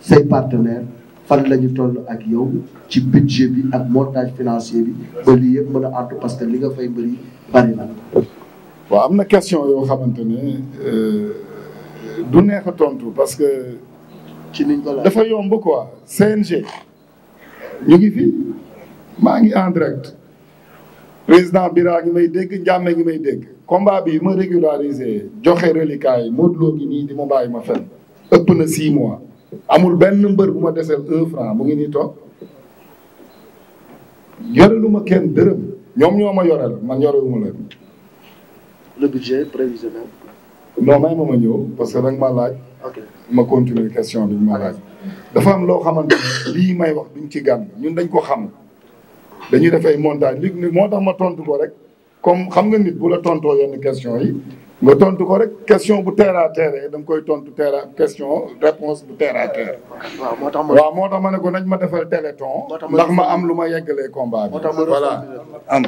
say partenaires fan la ñu toll ak yow ci budget bi ak montage financier bi ba lii yëpp mën a àntu parce que li nga fay mbëri bari na. am na question yoo xamante ne euh, du neex tontu parce que. ci niñ ko dafa yomb quoi CNG ñu ngi fi maa ngi en direct président Bira ngi may dégg Ndiame ngi may dégg combat bi ma régularisé joxe reliquat yi Modou Lo gi nii di ma bàyyi ma fen ëpp na 6 mois amul benn mbër bu ma deseel un franc mu ngi nii toog yorelu ma kenn dërëm ñoom ñoo ma yorel ma yorewuma leen. le budget prévisionnel. non may ma ma ñëw parce que rek ma laaj. ma continuer question bi ñu ma laaj dafa am loo xamante ne lii may wax duñ ci gàmm ñun dañ ko xam dañuy def ay montage li moo tax ma tontu ko rek comme xam nga nit bu la tontoo yenn question yi nga tontu ko rek question bu terre à terre da koy tontu terre à question réponse bu terre à waaw moo tax ma waaw moo tax ma ne ko nañ ma defal téléthon. ndax ma am lu ma yeggalee combat bi. voilà am.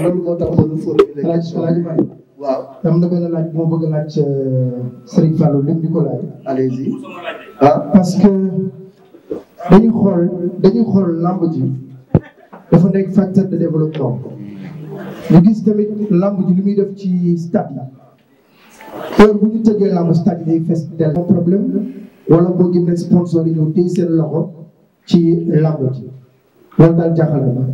loolu moo tax ma waaw am na benn laaj bu ma bëgg a laaj euh, Serigne Fallou lim di ko laaj. allez-y ah, parce que dañuy xool dañuy xool làmb ji dafa nekk facteur de développement ñu gis tamit làmb ji li muy def ci stade la heure bu ñu tëggee làmb stade day fees del problème wala boo gis ne sponsor yi ñëw téye seen loxo ci làmb ji loolu daal jaaxal ma.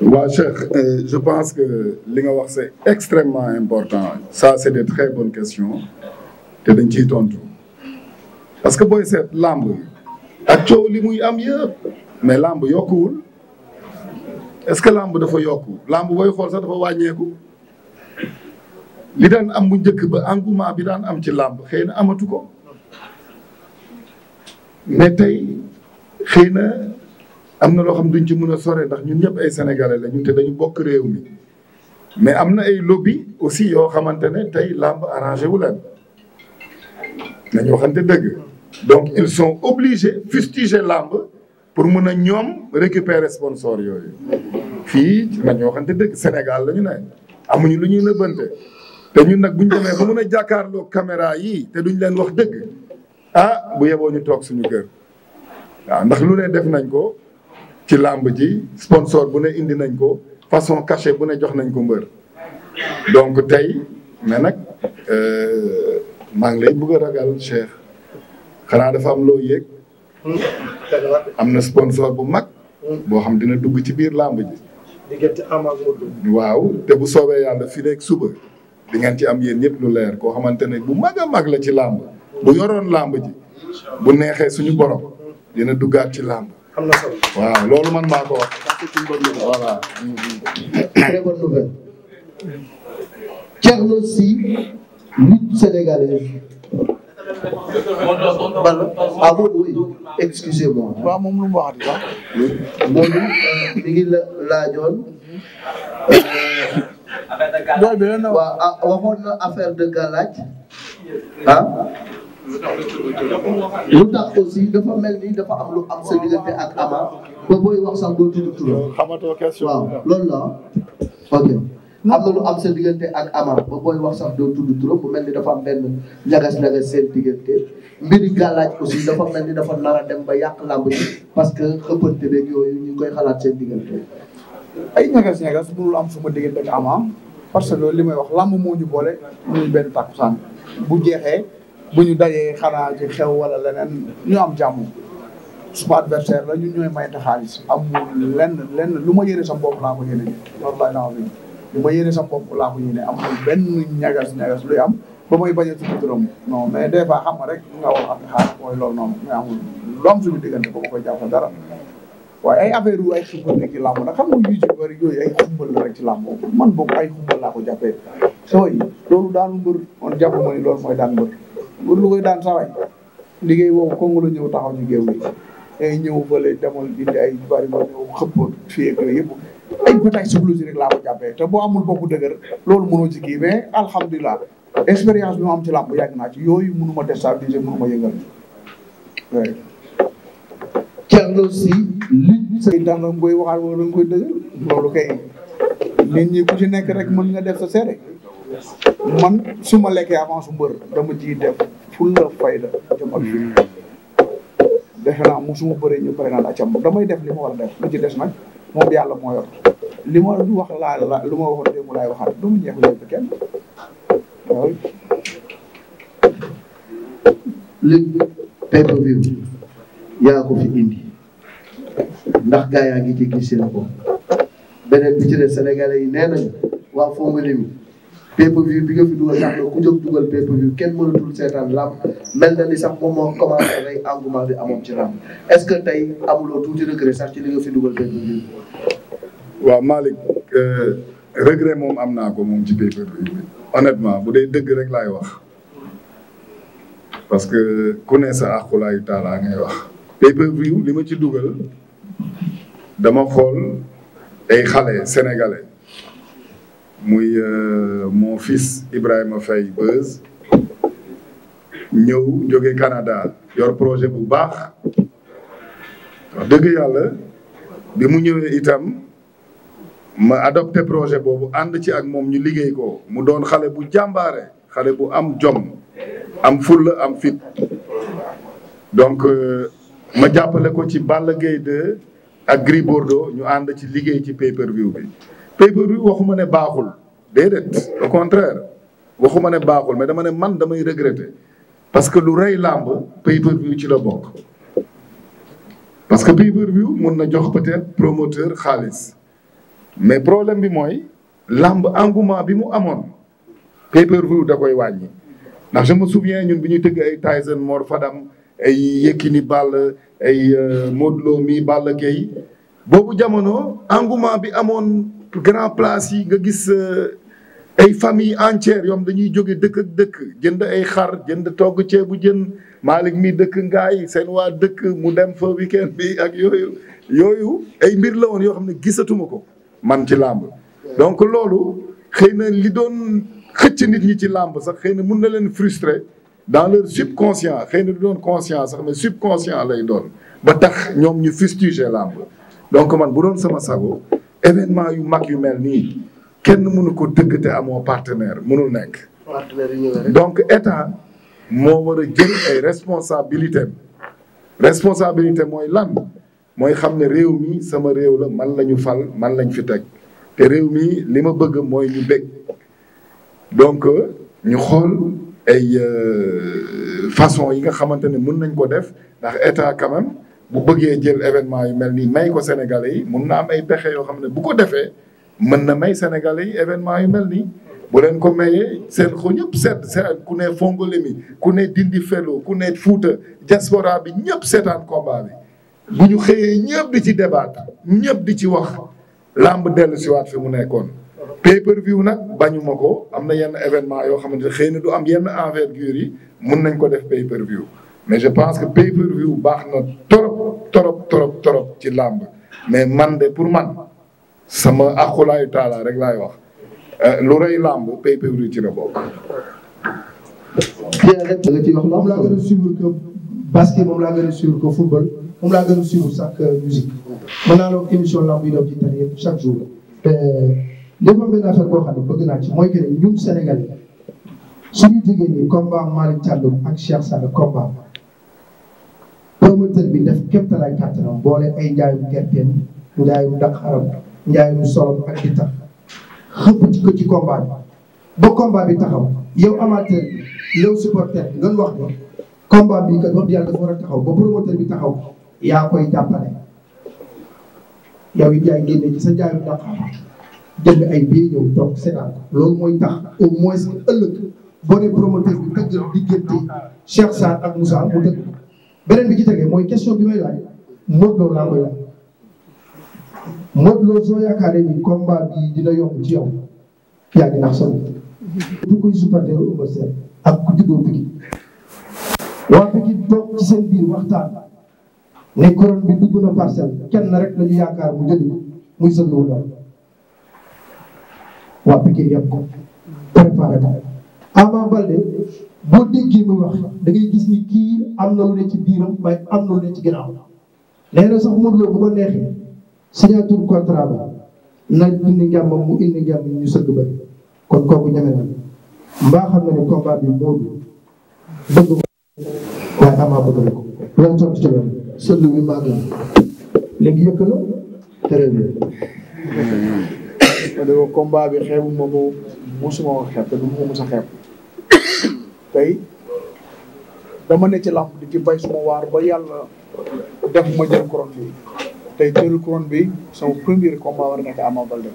waaw Cheikh euh, je pense que li nga wax c'est extrêmement important ça c'est des très bonnes questions te dañ ciy tontu parce que booy seet làmb ak coow li muy am yëpp mais lamb yokkuwul est-ce que lamb dafa yokku làmb booy xool sax dafa wàññeeku li daan am bu njëkk ba engouement bi daan am ci làmb xëy na amatu ko mais tey xëy am na loo xam duñ ci mën a sore ndax ñun ñëpp ay sénégalais la ñu te dañu bokk réew mi mais am na ay lobi aussi yoo xamante ne tey làmb arrangé wu leen nañu waxante dëgg donc ils sont obligés fustiger làmb pour mën a ñoom récupérer sponsor yooyu fii nañu waxante dëgg Sénégal lañu ñu ne amuñu lu ñuy nëbbante te ñun nag bu ñu demee ba mën a jàkkaarloo caméra yi te duñ leen wax dëgg ah bu yeboo ñu toog suñu gër waaw ndax lu ne def nañ ko ci làmb ji sponsor bu ne indi nañ ko façon cachet bu ne jox nañ ko mbër donc tey mais nag euh, maa ngi lay bëgg a ragal Cheikh xanaa dafa am loo yéeg am na sponsor bu mag boo xam dina dugg ci biir làmb ji diggante waaw te bu soobee yàlla fii nekk suba di ngeen ci am yéen ñëpp lu leer koo xamante ne bu mag a mag la ci làmb bu yoroon làmb ji bu neexee suñu borom dina duggaat ci làmb am na solo waaw loolu man maa ko wax. voilà. très bonne nouvelle. Thierno Sy lutte sénégalaise. Balla ah oui excusez-moi. waaw moom lu mu wax di wax. moom euh, mi ngi la laajoon. waaw ah, waxoon na affaire de ah. lu tax aussi dafa mel ni dafa am lu am sa diggante ak Ama ba booy wax doo tudd turam. na lu am diggante ak Ama wax sax doo tudd mel ni dafa am benn ñagas-ñagas seen diggante mbiri gàllaaj aussi dafa mel ni dafa nara dem ba yàq lamb parce que xëppante beeg yooyu ñu koy xalaat seen diggante. ay ñagas-ñagas mënul am sama diggante ak Ama parce que li may wax làmb moo ñu boole muy benn takkusaan bu jeexee. bu ñu dajee xanaa ci xew wala leneen ñu am jàmm suma adversaire la ñu ñooy mayte xaalis amul lenn lenn lu ma yéene sa bopp laa ko yéene wallahi naa fi sa bopp laa ko yéene amul benn ñagas ñagas luy am ba may bañ a tudd turam non mais des fois xam nga rek nga wax a xaalis mooy loolu noonu mais amul lu am suñu diggante dara waaye ay affaire yu ay xumbal ci làmb nag xam nga yu ci bëri yooyu ay xumbal la rek ci làmb man boobu ay xumbal laa ko jàppee sooy loolu daanu mbër man jàpp ma ni loolu mooy daan mbër mbër lu koy daan saway liggéey boobu kongu la ñëw taxaw ci géew bi ay ñëw fële demal indi ay bari ñëw xëpp fii ak yooyu yëpp ay bataille psychologique rek laa ko jàppee te boo amul bokku dëgër loolu mënoo ci kii mais alhamdulilah expérience bi ma am ci làmb yàgg naa ci yooyu mënuma déstabiliser mënuma yëngal oui. Thierno Sy lutte say daan la nga koy waxaat loolu kay nit ñi ku ci nekk rek mën na def sa seede. man suma ma lekkee avance mbër dama ciy def ful la fayda jom ak fi hmm. defe naa mosuma bëree ñu pare naan acam damay def li ma war def lu ci des nag moom yàlla moo yor li ma wax laa lu ma waxoon démb laay waxaat du mu ñeex ñëpp kenn waaw léegi pay-per-view yaa ko yi nee nañu waa foo nga pay view bi nga fi dugal sax ku jóg dugal pay view kenn mënatul seetaan lam mel na ni sax moom commencé bi amoon ci est-ce que tey amuloo tuuti regret sax ci nga fi dugal pay-per-view. waaw Malick euh, moom am naa ko moom ci pay view honnêtement bu dee dëgg rek laay wax parce que ku ne sa àqulaayu taalaa wax. pay view li ma ci dugal dama xool ay xale sénégalais. muy euh, mon fils Ibrahima Faye Beuz ñëw jóge Canada yor projet bu baax dëgg yàlla bi mu ñëwee itam ma adopté projet boobu ànd ci ak moom ñu liggéey ko mu doon xale bu jàmbaare xale bu am jom am fulla am fit donc euh, ma jàppale ko ci Balla Gaye 2 ak Gris Bordeaux ñu ànd ci liggéey ci pay bi pay per view waxuma ne baaxul déedéet au contraire waxuma ne baaxul mais dama ne man damay regretter parce que lu rey làmb pay per view ci la bokk. parce que pay per view mun na jox peut-être promoteur xaalis mais problème bi mooy làmb engouement bi mu amoon pay per view da koy wàññi ndax je me souviens ñun bi ñu tëgg ay Tyson Mor Fadam ay Yékini Balla ay euh, Modou bal mi Balla boobu jamono engouement bi amoon. grand place yi nga gis euh, ay famille entière yoom dañuy joge dëkk dëkk jënd ay xar jënd togg ceebu jën Malick mi dëkk ngaay seen waa dëkk mu dem fa weekend bi ak yooyu yooyu ay mbir la woon yoo xam ne gisatuma ko man ci làmb donc loolu xëy na li doon xëcc nit ñi ci làmb sax xëy na mun na leen frustré dans leur subconscient xëy na du doon conscient sax mais subconscient lay doon ba tax ñoom ñu fustiger làmb donc man bu doon sama sago événement yu mag yu mel nii kenn mënu ko dëgg te amoo partenaire mënul nekk. donc état moo war a jël ay responsabilité responsabilité mooy lan mooy xam ne réew mi sama réew la man la ñu fal man lañ fi teg te réew mi li ma bëgg mooy ñu bég donc ñu xool ay euh, façon yi nga xamante ne mën nañ ko def ndax état quand bu bëggee jël événement yu mel nii may ko Sénégalais yi mun na am ay pexe yoo xam ne bu ko defee mën na may Sénégalais yi événement yu mel nii. bu leen ko mayee seen xo ñëpp seet ku ne Fongolemi ku ne Dindi Felo ku ne Fouta diaspora bi ñëpp seetaan combat bi bu ñu xëyee ñëpp di ci débat ñëpp di ci wax làmb dellu siwaat fi mu nekkoon. pay per view nag bañu ko am na yenn événement yoo xamante ne xëy na du am yenn envergure yi mun nañ ko def pay mais je pense que pay baax na trop torop torop torop ci làmb mais man de pour man sama aqulaayu taala rek laay wax euh, lu rëy làmb pay per view ci la bokk. da nga ciy wax moom laa gën a suivre que basket moom laa gën a suivre que football moom laa gën a suivre sax euh, musique mën naa la wax émission làmb yi doon ci tane yëpp chaque jour la. dafa am benn affaire boo xam ne bëgg naa ci mooy que ñun Sénégalais suñu jógee nii combat Malick Thiandoum ak Cheikh Sall combat. promoteur bi def képp talaay kàttanam boole ay njaayum gerteem njaayum daqaram njaayum solom ak di tax xëpp ci ko combat ba combat bi taxaw yow amateur bi yow supporter bi doon wax ko combat bi kat wax yàlla dafa war a taxaw ba bi taxaw yaa koy jàppale yow it yaay génne sa njaayum daqaram jënd ay bii ñëw toog seetaan loolu mooy tax au moins que ëllëg boo ne promoteur bi tëgg diggante Cheikh ak Moussa mu tëgg beneen bi ci tegee mooy question bi may laaj Modou Lo laa koy laaj soo yaakaaree ni combat bi dina yomb ci yow yaa ngi nax solo du koy supporter Eumeu Sène bi dugg na parcelle kenn rek lañu yaakaar mu jëli muy sa Lo waa Pikine yàpp ko préparé ko Ama Baldé boo déggee muy wax da gis ni kii am na lu ne ci biiram waaye am na lu ne ci ginnaaw nee na sax Modou Lo bu ko neexee signature contrat ba na indi njàmbam mu indi njàmbam ñu sëgg ba kon kooku ñeme na mbaa xam ne combat bi Modou bëgg ko waaye bi màgg na léegi yëkk na xeeb te du ma ko mus xeeb tey dama ne ci làmb di ci bay suma waar ba yàlla def ma jël couronne bi tey jël couronne bi sama premier combat war a nekk Ama Baldé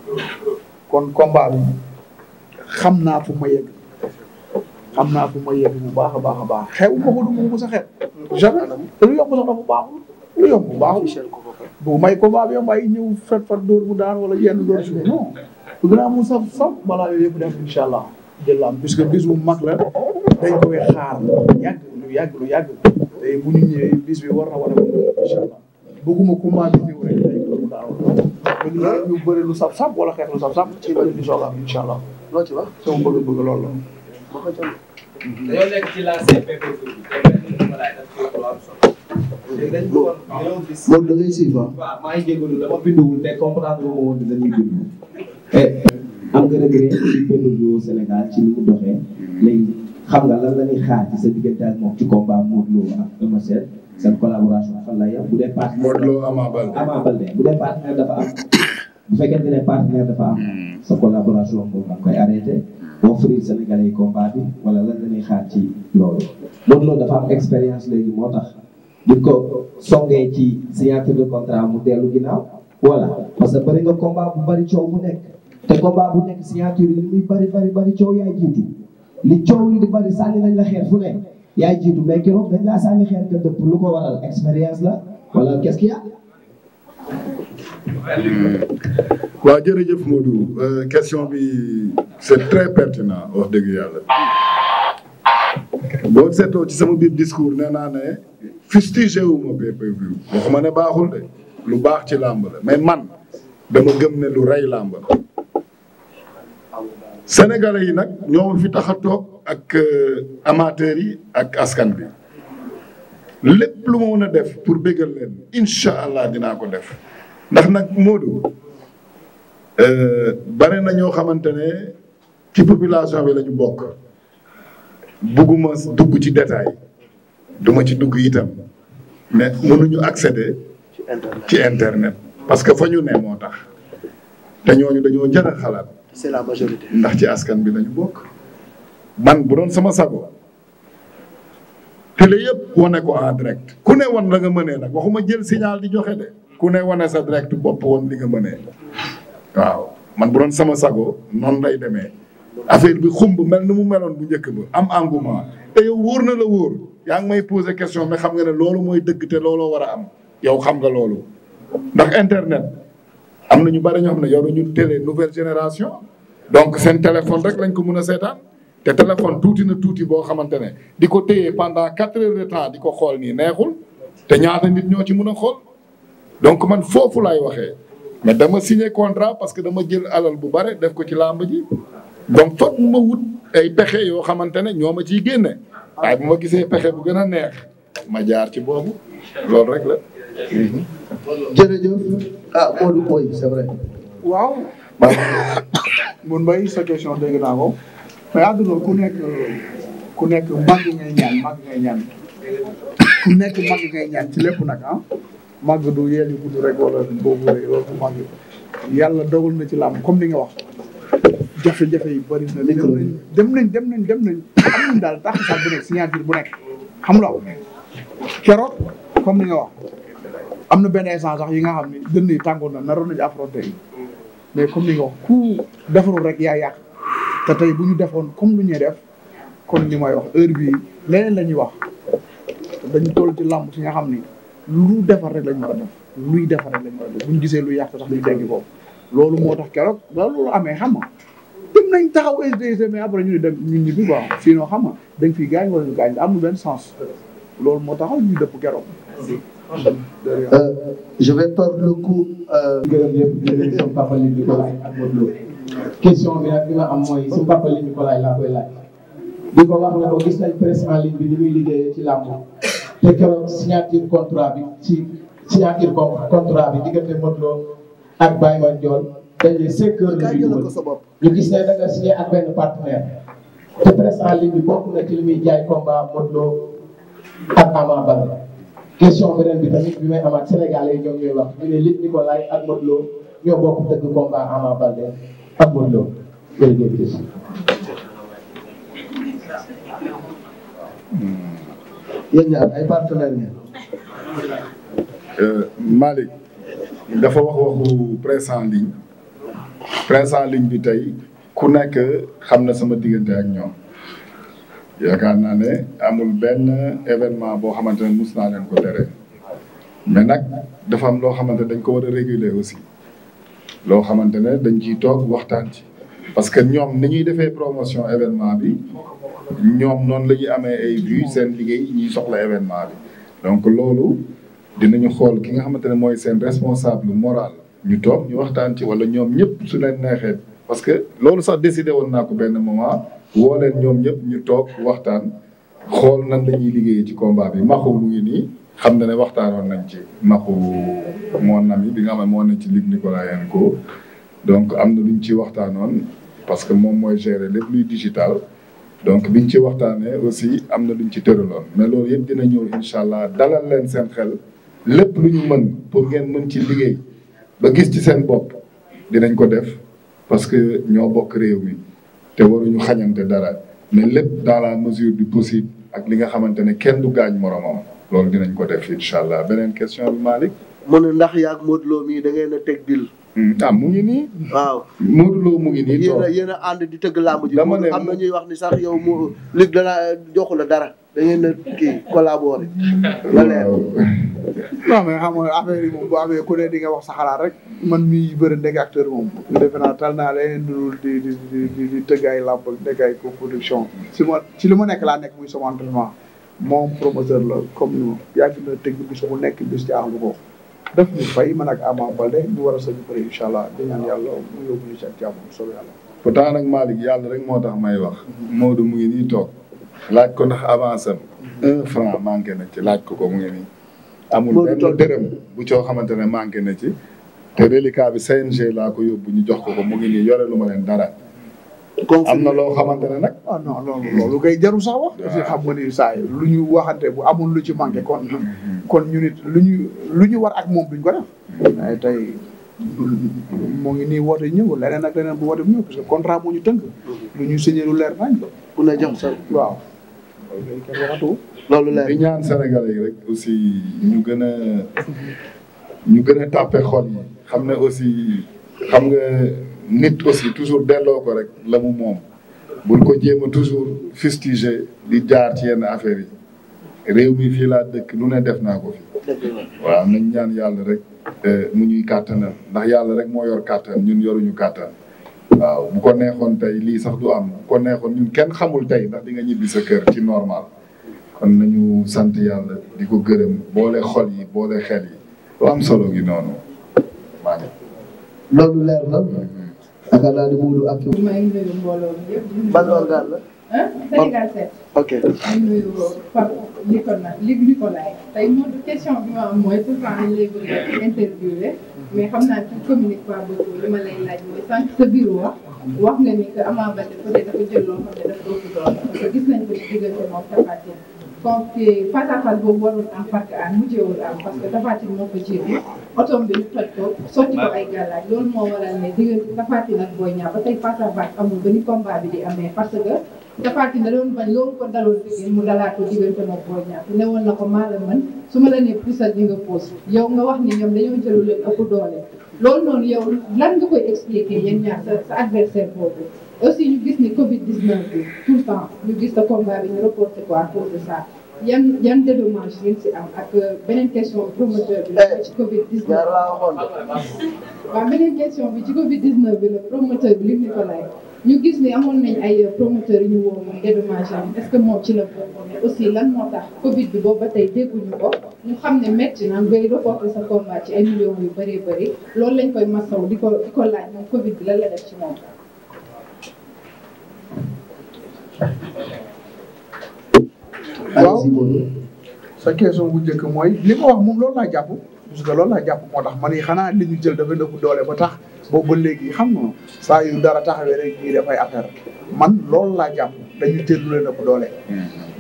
kon combat bi xam naa fu ma yegg xam naa fu ma yegg bu baax a baax a baax xew ma ko du ma sa xew jamais lu yomb sax dafa baaxul lu yomb baaxul bu may combat bi yomb ay ñëw fet fat dóor mu daan wala yenn dóor si non bëgg naa mu saf balaa yooyu yëpp def allah jël lamb puisque bis bu mag la dañ koy xaar yàgg lu yàgg lu yàgg te bu ñu ñëwee bis bi war na war a mën incha allah bëgguma ku maa di ñëw rek day loolu sab sab wala xeex lu sab sab ci bëri di soog am allah loo ci wax sama bëgg bëgg loolu la dañoo nekk ci la CPP loolu da ngay siif ah. waaw maa ngi jégalu dama bindul te comprendre ma woon dañuy bind eh, am nga regret ci pay-per-view Sénégal ci li mu doxee léegi xam nga lan la ñuy xaar ci sa diggante ak moom ci combat Modou Lo ak Eumeu bu dee partenaire Modou Lo Ama Baldé bu dee partenaire dafa am bu fekkente ne partenaire dafa am sa collaboration moom da nga koy arrêté offrir Sénégalais yi combat bi wala lan la ñuy xaar ci loolu Modou dafa am expérience léegi moo tax di ko songee ci signature de contrat mu dellu ginnaaw voilà parce que bëri nga combat bu bëri coow bu nekk te combat bu nekk signature yi bari bari bari coow yaay jiitu li coow li bari sànni nañ la xeer fu ne yaay jiitu mais keroog dañ xeer nga dëpp lu ko a expérience la wala qu'est-ce qu'il y hmm. euh, question bi c'est très pertinent wax dëgg yàlla boo seetloo ci sama biir discours nee naa ne fustigé wu ma PPV waxuma baaxul lu baax ci làmb la mais man dama gëm ne lu rey làmb sénégalais yi nag ñoo fi tax a toog ak euh, amateurs yi ak askan bi lépp lu ma mën a def pour bégal leen incha allah dinaa ko def ndax nag Modou euh, bare na ñoo xamante ne ci population bi lañu bokk bugguma dugg ci détail duma ci dugg itam mais mënuñu accéder ci internet parce que fa ñu ne moo tax te ñooñu dañoo jar xalaat c'est la majorité. ndax ci askan bi lañu bokk man bu doon sama sago télé yëpp wane ko en direct ku ne woon la nga mëne nag waxuma jël signal di joxe de ku ne wane sa direct bopp woon li nga mëne waaw man bu doon sama sago noonu lay demee affaire bi xumb mel nu mu meloon bu njëkk ba am engouement te yow wóor na la wor yaa ngi may poser question mais xam nga ne loolu mooy dëgg te looloo war a am yow xam nga loolu ndax internet. am na ñu bari ñoo xam ne yoruñu télé nouvelle génération donc seen téléphone rek lañ ko mën a seetaan te téléphone tuuti na tuuti boo xamante ne di ko téye pendant quatre heures de temps di ko xool nii neexul te ñaata nit ñoo ci mun a xool donc man foofu laay waxee mais dama signé contrat parce que dama jël alal bu bare def ko ci làmb ji donc foog ma wut ay pexe yoo xamante ne ñoo ma ciy génne waaye ma gisee pexe bu gën a neex ma jaar ci boobu loolu rek la. jërëjëf ah Modou Boye c'est vrai. waaw. man bay sa question dégg naa ko. mais àdduna ku nekk ku nekk màgg ngay ñaan màgg ngay ñaan. ku nekk màgg ngay ñaan ci lépp nag ah. màgg du yéeli gudd rek wala boobu rek wala bu màgg. yàlla dogal na ci làmb comme ni nga wax. jafe-jafe yi bëri na dem nañ dem nañ dem nañ am nañ daal tax sax bu nekk signature bu nekk xam nga keroog comme ni nga wax. am na benn essence sax yi nga xam ne dënn yi tàngoor na naroon nañu affronté yi mais comme ni nga wax ku defarul rek yaa yàq te tey bu ñu defoon comme lu ñuy def kon li may wax heure bi leneen la ñuy wax dañu toll ci làmb si nga xam ni lu defar rek a def luy defar rek lañ ñu gisee lu yàq sax ñu dégg ko loolu moo tax keroog loolu amee xam nga dem nañ taxaw SDC mais après ñu ne dem ñun xam nga dañ fiy gaañ wala ñu gaañ amul benn loolu moo taxaw ñu dëpp keroog. Euh, euh, je vais perdre le coup. Euh, gërëm yëpp di leen sama papa Luc Nicolaï ak Modou Lo question bi nag bi ma am mooy su papa Luc Nicolaï laa koy laaj. di ko wax ne ko gis nañ presse en ligne bi ni muy liggéeyee ci làmb te keroog signature contrat bi ci signature contrat bi diggante Modou Lo ak Baye Mandione dañ ne cinq heures la ñuy dugal ñu gis ne da nga signé ak benn partenaire te presse en ligne bi bokk na ci li muy jaay combat Modou Lo. ak Ama Baldé question beneen bi tamit bi may amaat Sénégalais yi ñoom ñooy ak Modou Lo ñoo bokk dëgg combat Ama Baldé ak Modou Lo jërëjëf gis. Hmm. yéen ñaar ay partenaires ngeen. Euh, Malick dafa wax waxu presse en ligne presse en ligne bi tey ku nekk xam na sama diggante ak ñoom. yaakaar naa ne amul benn événement boo xamante ne mus naa leen ko tere mais nag dafa am loo xamante ne dañ ko war a réguler aussi loo xamante ne dañ ciy toog waxtaan ci parce que ñoom ni ñuy defee promotion événement bi ñoom noonu la ñuy amee ay seen liggéey ñuy soxla événement bi donc loolu dinañu xool ki nga xamante ne mooy seen responsable moral ñu toog ñu waxtaan ci wala ñoom ñëpp su leen neexee parce que loolu sax décidé woon naa ko benn moment woo leen ñoom ñëpp ñu toog waxtaan xool na lañuy ñuy ci combat bi maxu mu ngi nii xam na ne waxtaanoon nañ ci maxu moon na mi bi nga xam ne moo ne ci Ligue Nicolayenko donc am na luñ ci waxtaanoon parce que moom mooy gérer lépp luy digital donc biñ ci waxtaanee aussi am na luñ ci tëraloon mais loolu yëpp dina ñëw incha allah dalal leen seen xel lépp lu ñu mën pour ngeen mën ci liggéey ba gis ci seen bopp dinañ ko def parce que ñoo bokk réew te ñu waruñu te dara ne lépp dans la mesure du possible ak li nga xamante ne ken du gaañ moromam loolu dinañ ko def incha allah beneen question bi Malick. mu ndax yaag Modou loo mii da ngeen a teg dil. Hmm. ah mu ngi nii. waaw mu ngi nii. yéen a yéen di tëgg làmb ji. dama ne am na ñuy wax ni sar yow mu lig dana joxu dara. da ngeen a kii collaborer. ba leer. non mais xam nga yi moom bu amee ku ne di nga wax sa xalaat rek man mi bëri nekk acteur moom. defe naa tal naa leen dul di di di di tëgg ay làmp ak nekk ay production si ma li ma nekk laa nekk muy sama entraînement moom promoteur la comme ni ma yàgg na tëgg bis bu nekk bis jaaxlu ko. daf ñu fay ma nag Ama Baldé ñu war a sañu bëri incha allah di ñaan yàlla mu yóbbu ñu ci ak jàmm soobee yàlla. pourtant nag Malick yàlla rek moo tax may wax. Mhm. Maodo mu ngi nii toog. laaj ko ndax avance am un franc manqué na ci laaj ko ko mu ngi nii. amul benn bu bu coo xamante ne manqué na ci. te reliquat bi CNG laa ko yóbbu ñu jox ko ko mu ngi nii yore lu ma leen dara. am na loo xamante ne nag. ah non kay jaru sax wax. parce saa lu ñu waxante bu amul lu ci manqué kon. Mm-hmm. kon ñu nit lu ñu lu ñu war ak moom duñ ko def. waaye mm-hmm. tey moo ngi nii woote ñëw leneen ak leneen bu woote bu parce que contrat moo ñu tënk. Mm-hmm. lu ñu signé lu leer nañ ko. ku ne jam sa waaw. loolu la di ñaan Sénégalais yi rek aussi ñu gën a ñu gën a tàppe xol xam ne aussi xam nga nit aussi toujours delloo ko rek la mu moom bul ko jéem a toujours fustiger di jaar ci yenn affaires yi réew mi fii laa dëkk lu ne def naa ko fi waaw nañ ñaan yàlla rek eh, mu ñuy kàttanal ndax yàlla rek moo yor kàttan ñun yoruñu kàttan waaw bu ko neexoon tey lii sax du am bu ko neexoon kenn xamul tey ndax di nga ñibbi sa kër ci normal kon nañu sant yàlla di ko gërëm boole xol yi boole xel yi lu am solo gi noonu maa loolu leer na. Mm-hmm. yaakaar naa ne Mourou ak. maa ngi nuyu ah Sénégal 7. ok ñu nuyu Pape Nicolas Luc Nicolaï tey moom question bi ma am mooy souvent dañu lay bëgg interviewé mais xam naa tu communiques pas beaucoup li ma lay laaj mooy sa biir wax wax nga ni que Ama Baldé peut-être dafa jël loo xam ne daf doo ko doon parce que gis nañ ko ci diggante moom Tapha Tine donc face à face boobu warul am fàtte aan mujjewul am parce que Tapha Tine moo ko jiitu otoom bi ñu toj ko sotti ko ay gàllaaj loolu moo waral ne diggante Tapha Tine ak Boy Niang ba tey face à face ba ni bi di amee parce que Tafatin da doon bañ loolu ko daloon dëgg mu dalaat ko diggante moom boo ne woon na ko maa la mën su ma la nee puusal di nga puus yow nga wax ni ñoom dañoo jëlu leen ëpp doole loolu noonu yow lan nga koy expliquer yéen ñaar sa sa adversaire boobu aussi ñu gis ni Covid 19 bi tout le ñu gis sa combat bi ñu reporté ko à cause de ça yan yan dédommage ngeen si am ak euh, beneen question promoteur bi la eh, ci Covid 19. waaw beneen question bi ci Covid 19 bi la promoteur bi li mu ko lay. ñu gis ni amoon nañ ay promoteurs yu ñu woo dédommage am est-ce que moom ci la bokkoon mais aussi lan moo tax Covid bi boobu ba tey dégguñu ko ñu xam ne metti na ngay reporter sa combat ci ay millions yu bëree bëri loolu lañ koy masaw di ko di ko laaj moom Covid bi lan la def ci moom. waaw sa question bu njëkk mooy li ma wax moom loolu laa jàpp. parce que loolu laa jàpp moo tax man i xanaa li ñu jël dafa nëpp doole ba tax boobu léegi xam nga saa yu dara taxawee rek ñii dafay affaire man loolu laa jàpp dañu teel lu leen nëpp doole.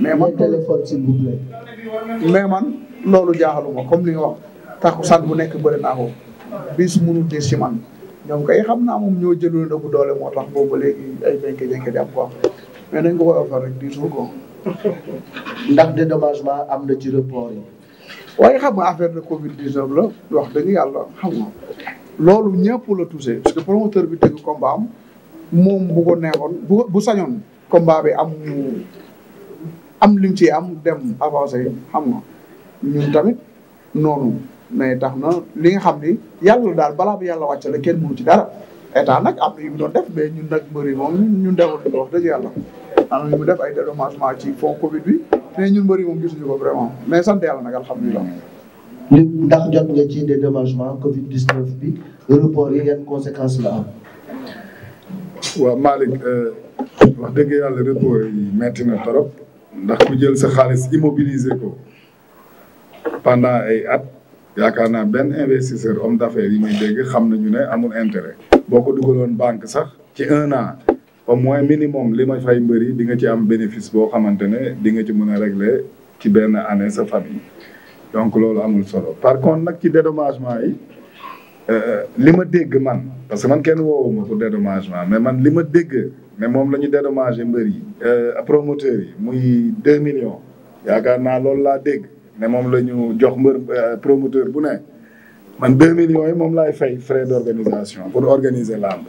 mais man téléphone si mais man loolu jaaxaluma comme li nga wax taxu sant bu nekk bëri naa ko bis munu des si man ñoom kay xam naa moom ñoo jël lu doole moo tax boobu ba léegi ay jénke-jénke jàpp am quoi mais nañ ko koy offert rek di suur ko. ndax dédommagement am na ci report yi. waaye xam nga affaire de Covid 19 la wax dëgg yàlla xam nga loolu ñëpp la touché parce que promoteur bi tëgg combat am moom bu ko neexoon bu bu sañoon combat bi am am lim ci am dem avancé xam nga ñun tamit noonu mais tax na li nga xam ni yàlla daal balaa bi yàlla wàcc la kenn mënu ci dara état nag am na yu mu doon def mais ñun nag mbëri moom ñun deful wax dëgg yàlla am na yu mu def ay dédommagement ci fond Covid bi. mais ñun mbëri moom gisuñu ko vraiment mais sant yàlla nag alhamdulilah. li ndax jot nga ci dédommagement Covid 19 bi report yi yan conséquences la am. waaw Malick euh, wax dëgg yàlla report yi metti na trop ndax ku jël sa xaalis immobiliser ko pendant ay at yaakaar naa benn investisseur homme d'affaires yi may dégg xam nañu ne amul intérêt. boo ko dugaloon banque sax ci un an. au moins minimum li ma fay mbëri di nga ci am bénéfice boo xamante ne di nga ci mën a régler ci benn année sa famille donc loolu amul solo par contre nag ci dédommagement yi euh, li ma dégg man parce que man kenn woowuma pour dédommagement mais man li ma dégg ne moom la ñu dédommagé mbër yi euh, promoteurs yi muy deux millions yaakaar naa loolu laa dégg ne moom la ñu jox mbër euh, promoteur bu ne man deux millions yi moom laay fay frais d'organisation pour organiser làmb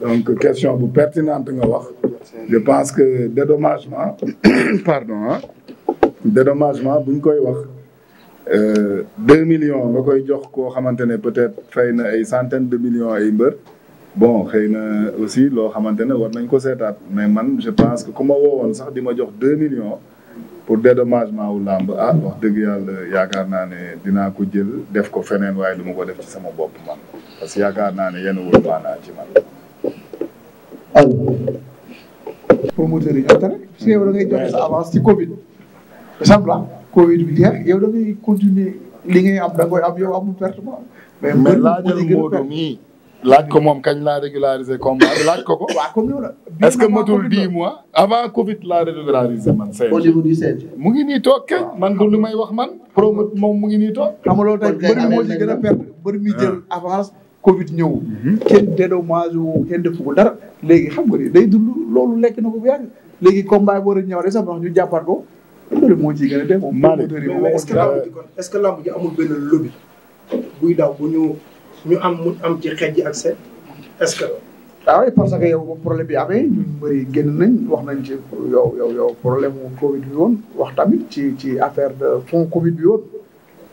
donc question bu pertinente nga wax je pense que dédommagement pardon ah dédommagement buñ koy wax euh, deux millions nga koy jox koo xamante ne peut-être fay na ay centaines de millions ay mbër bon xëy na aussi loo xamante ne war nañ ko seetaat mais man je pense que ku ma woowoon sax di ma jox deux millions pour dédommagement wu làmb ah wax dëgg yàlla yaakaar naa ne dinaa ko jël def ko feneen waaye lu ma ko def ci sama bopp man parce que yaakaar naa ne yenn wul maanaa ci man promoteur yi ñoo tere parce que yow da ngay joxe sa avance ci Covid. exemple ah Covid bi jeex yow da ngay continuer li ngay am da ngay am yow amul perte quoi. mais mais laajal Modou mii. laaj ko moom kañ laa régulariser combat laaj ko ko. waaw comme yow la est mois avant Covid laa régulariser man. au mu ngi nii toog kenn man du lu may wax man. promoteur moom mu ngi nii toog. xam nga loolu tey bëri moo ci gën a perte bëri mi ah. jël avance. Covid ñëw. Mhm. kenn dédommage wu kenn defu ko dara léegi xam nga ni day dund loolu lekk na ko bu yàgg léegi combat boo war a ñëw sax wax ñu jàppaat ko loolu moo ciy gën a dem. maa ngi mais est-ce que lamb ji kon est-ce que lamb ji amul buy daw bu ñu ñu am mu am ci xeej ak seen est-ce que. waaw ah problème bi amee ñun bëri génn nañ wax nañ ci yow yo yow problème mu Covid bi woon wax tamit ci ci affaire de fond Covid bi woon.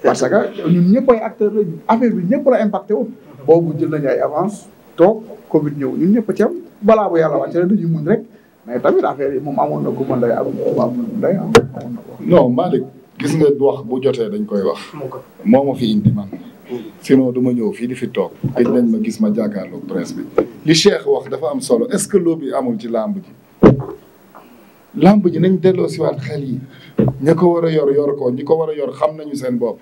parce que ñun ñëpp ay acteurs lañu affaire bi ñëpp la impacté woon. boobu jël nañu ay avance to Covid ñëw ñun ñëpp a ci am balaa bu yàlla wàcce rek mais tamit affaire yi moom amoon na ku mën day am amoon am amoon na ko. gis nga wax bu jotee dañ koy wax. moo ma fi indi man. Mm. sinon du ma ñëw fii di fi toog. gëj nañ ma gis ma jàkkaarloog presse bi. li Cheikh wax dafa am solo est-ce que loo bi amul ci làmb ji. làmb ji nañ delloo siwaat xel yi. ña ko war a yor yor ko ñi ko war a yor xam nañu seen bopp.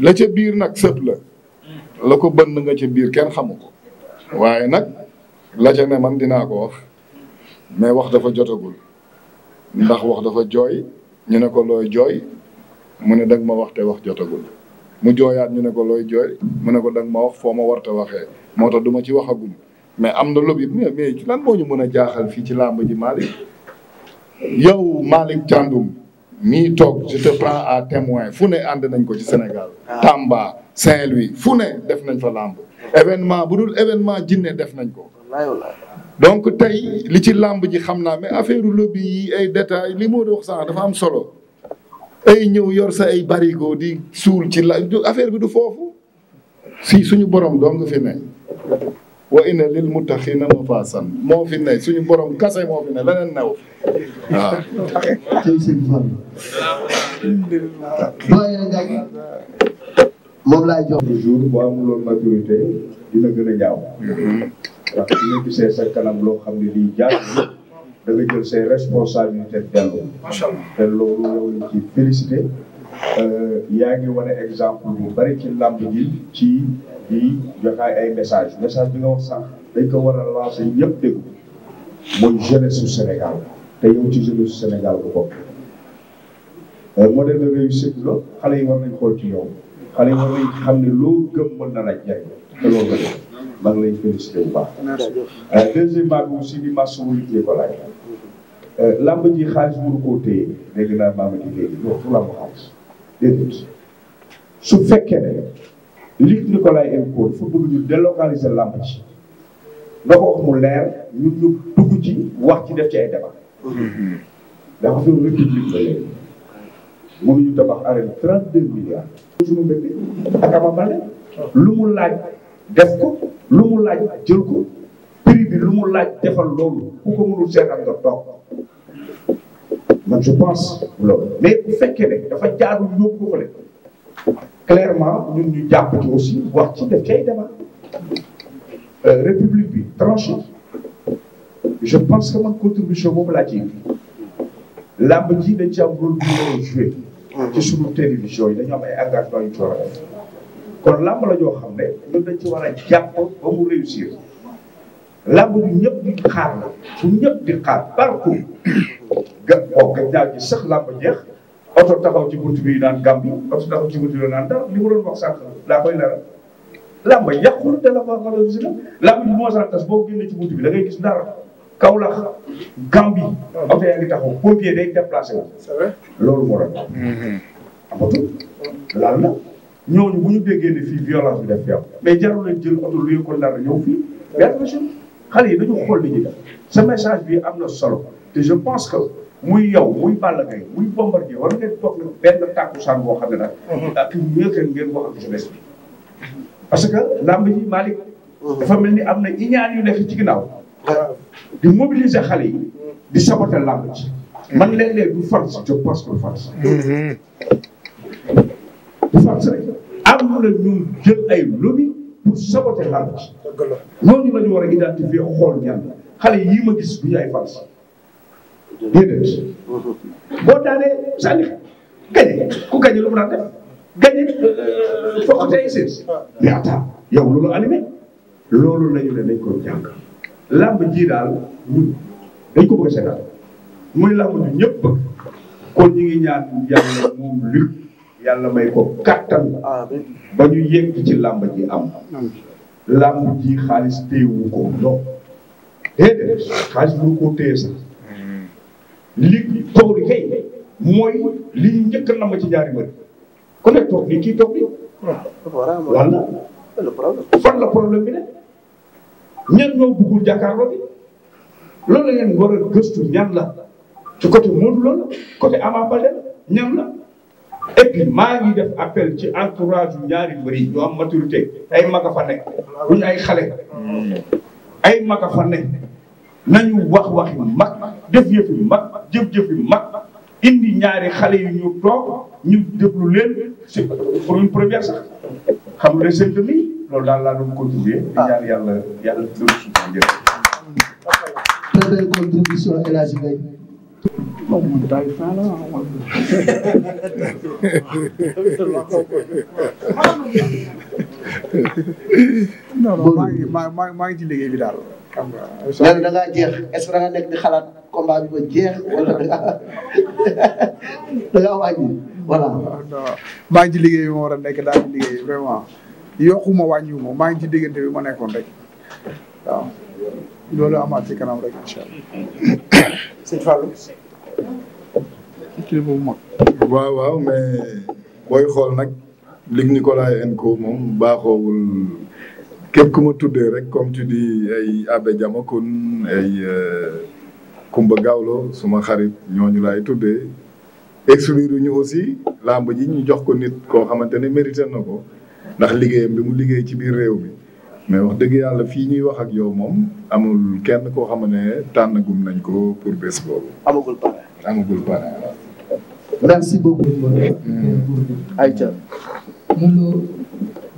la ca biir nag sëpp la la ko bënn nga ca biir kenn xamu ko waaye nag la ca ne man dinaa ko wax mais wax dafa jotagul ndax wax dafa jooy ñu ne ko looy jooy mu ne danga ma waxte wax jotagul mu jooyaat ñu ne ko looy jooy mu ne ko danga ma wax foo ma war waxee moo tax duma ci waxagum mais am na lobi mais mais lan moo ñu mën a jaaxal fii ci làmb ji Malick yow malik Thiandoum mi toog je te prends à témoin fu ne nañ ko ci Sénégal Tamba Saint-Louis fu ne def nañ fa làmb événement bu dul événement jinne def nañ ko donc tey li ci làmb ji xam naa mais affaire lobby yi ay détails li moo dox sax dafa am solo ay ñëw yor sa ay barigo di suul ci la affaire bi du foofu si suñu borom dong fi ne wa inna lil muttaqiina mafaasan moo fi ne suñu borom kase moo fi ne leneen new waaw. tey sëñ moom laay jox. toujours boo amuloon maturité dina gën a ñaaw. Mm-hmm. ndax dina gisee sa kanam loo xam ne lii jàll da nga jël say responsabilités dellu. macha allah loolu ci félicité euh, yaa ngi wane exemple bu bari ci làmb ji ci. di joxaay ay message message bi nga wax sax dañ ko war a lancer ñëpp dégg mooy jeunesse su Sénégal te yow ci jeunesse su Sénégal bu bopp euh, modèle de réussite la xale yi war nañ xool ci yow xale yi war nañ xam ne loo gëm mën na te loolu la def maa ngi lay félicité bu baax. Euh, deuxièmement bi aussi di masu wu ñu ji xaalis mënu koo téye dégg naa maama ji léegi loolu fu làmb xaalis déedéet su fekkee ne. Luc Nicolaï El Kour fu bëgg ñu délocaliser làmb ci nga ko wax mu leer ñun ñu dugg ci wax ci def ci ay débat dafa fi république ba léegi ko lu mu laaj bi lu laaj defal loolu ku ko mënul seet ak nga toog man je pense loolu mais bu fekkee ne dafa jaarul ñoo ko fële clairement ñun ñu jàpp ci aussi wax ci def cay débat république bi tranché je pense que man contribution boobu laa ciy làmb ji dañ ci am rôle bu ñu joué mm-hmm. ci suñu télévision yi dañu am ay engagement yu ci war a def kon làmb la ñoo xam ne ñun dañ ci war a jàpp ba mu réussir làmb ju ñëpp di xaar la su ñëpp di xaar parcours ga oo ga ñaaw ji sax làmb jeex oto taxaw ci buntu bi naan gàmbi oto taxaw ci buntu bi naan dara li mu doon wax sànq laa koy leeral làmb yàqul de la ko valorisé na làmb bi moo sax tas boo génnee ci buntu bi da ngay gis dara Kaolack gàmbi oto yaa ngi taxaw pompier day déplacé wu. loolu moo doon. Mm-hmm. amatul laal na ñooñu bu ñu déggee ne fii bi daf fi am mais jarul leen jël oto luy ko nar ñëw fii mais attention xale yi dañu xool li ñuy def sa message bi am na solo te je pense que. muy yow muy Balla Gaye muy Bombardier war ngeen toog nag benn mhm. parce que làmb ji Malick. Mhm. ni am na ñaan yu nekk ci ginnaaw. di mobiliser xale yi. di saboter làmb ji. Mhm. man léeg-léeg du force je pense que force. du force rek am na ñu jël ay lobby pour saboter ji. ñooñu la ñu war a identifier xool ñaan xale yii ma gis du déedéet boo daanee sànni gañe ku gañe lu mu daan gañe euh, foqatee yow loolu animé loolu lañu ne dañ ko jàng làmb ji daal ñun dañ ko bëgg a seetaan muy làmb ju ñëpp bëgg kon ñu ngi ñaan yàlla moom may ko kattan ba ñu yegg ci làmb ji am làmb ji xaalis téyewu ko non déedéet xaalis mënu koo téye sax li toog di kay mooy li ñu njëkk a ci ñaari mbër ku ne toog nii kii toog nii. waaw fan la problème bi ne ñan ñoo bëggul jàkkaarloo bi loolu la ngeen war a gëstu ñan la ci côté Modou Lo la côté Ama Baldé ñan la. et puis maa ngi def appel ci entourage yu ñaari mbër yi ñu am maturité ay mag a fa nekk duñu ay xale. a fa nekk nañu wax waxi mag def yëfu mag. jëf-jëf yu mag indi ñaari xale yu ñu toog ñu déglu leen c'est pour une première sax xam nga seen demi loolu daal la doon contribuer di ñaan yàlla yàlla loolu suñu njëriñ. très belle contribution El Hadj Mbaye. non non maa ngi maa ngi ci liggéey bi daal. xam da jeex est-ce nekk di xalaat combat bi ba jeex wala da ngaa da ah, maa ngi ci liggéey bi ma war a nekk daal di liggéey vraiment yokkuma wàññiwuma maa ngi ci diggante bi ma nekkoon rek waaw loolu amaat ci rek incha allah. waaw waaw mais xool nag. Luc Nicolaï en ko moom baaxoowul. képp ku ma tuddee rek comme tu di ay Abbé Diamakhoune ay Kumba euh, Gawlo suma xarit ñooñu laay tuddee exclure ñu aussi làmb ji ñu jox ko nit koo xamante ne mérité na ko ndax liggéeyam bi mu liggéey ci biir réew mi mais wax dëgg yàlla fii ñuy wax ak yow moom amul kenn koo xam ne tànnagum nañ ko pour bés boobu. amagul pare amagul pare merci beaucoup. Mm. Aïcha.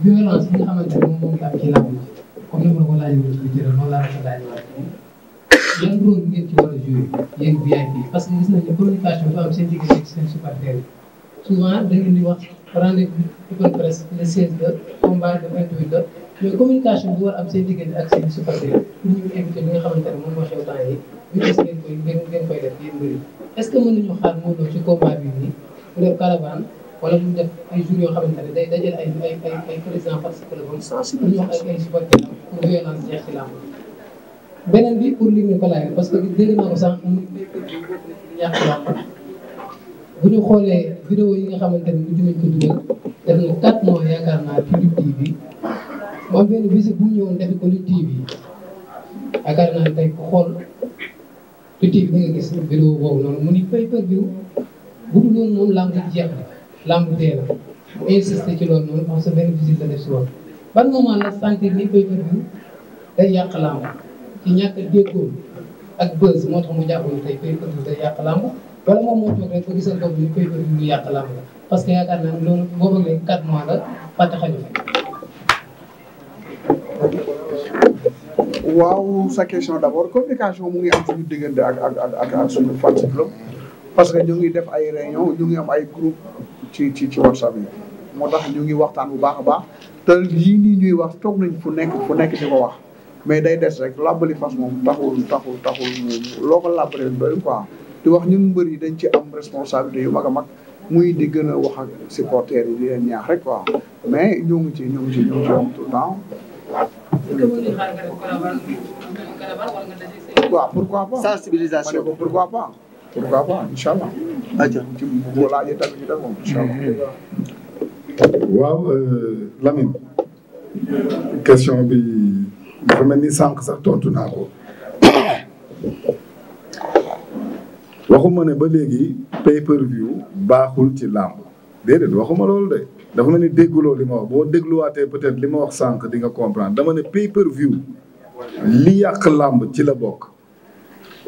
violence bi nga xamante ne moom la am ci làmb ji ko laajee woon ci jëral noonu a yi souvent da ngeen di wax rendez-vous open presse le 16 la combat le 28 la nga xamante ne moom moo xew temps yi ñu gis ngeen koy ngeen koy def yéen mbir est-ce que mën nañu xaar Modou Lô ci combat bi nii mu def caravane. wala mu def ay jours yoo xamante ne day dajale ay ay président parce que la bon ñu wax ay ay supporter am beneen bi pour li ñu ko parce que dégg naa sànq bi bokk bu ñu xoolee vidéo yi nga xamante ne mujj nañ ko dugal def na 4 mois yaakaar naa ci Lutte TV moom benn visite bu mu ñëwoon defi ko Lutte TV yaakaar naa tey ku xool Lutte TV di nga gis vidéo mu jeex na. lamb tee la mu ci loolu noonu parce que benn visite la def si loolu. ban moment la sentir ni day yàq lamb ci ñàkk déggoo ak bës moo tax mu jàppoon tey béykat bi day yàq lamb wala parce que yaakaar naa ne loolu boo bëggee 4 mois la fàtte xaju fa. waaw sa question d'abord communication mu ngi am suñu diggante ak ak ak ak suñu parce que ñu ngi def ay réunion ñu ngi am ay groupe ci ci ci WhatsApp yi moo tax ñu ngi waxtaan bu baax a baax te yii nii ñuy wax toog nañ fu nekk fu nekk di ko wax mais day des rek làbbali fas moom taxul taxul taxul loo la làbbalee doyul quoi di wax ñun mbër yi dañ ci am responsabilité yu mag mag muy di gën a wax ak supporters yi di ñaax rek quoi mais ñoo ngi ci ñoo ngi ci ñoo ngi ci am tout le temps. waaw pourquoi pas. sensibilisation pourquoi pas pourquoi ayca ci bu la waaw euh, Lamine question bi dafa mel ni sànq sax tontu naa ko. waxuma ne ba léegi pay per view baaxul ci làmb déedéet waxuma loolu de dafa mel ni dégguloo li ma wax boo dégluwaatee peut-être li ma wax sànq dinga nga comprendre dama ne pay per view li yàq làmb ci la bokk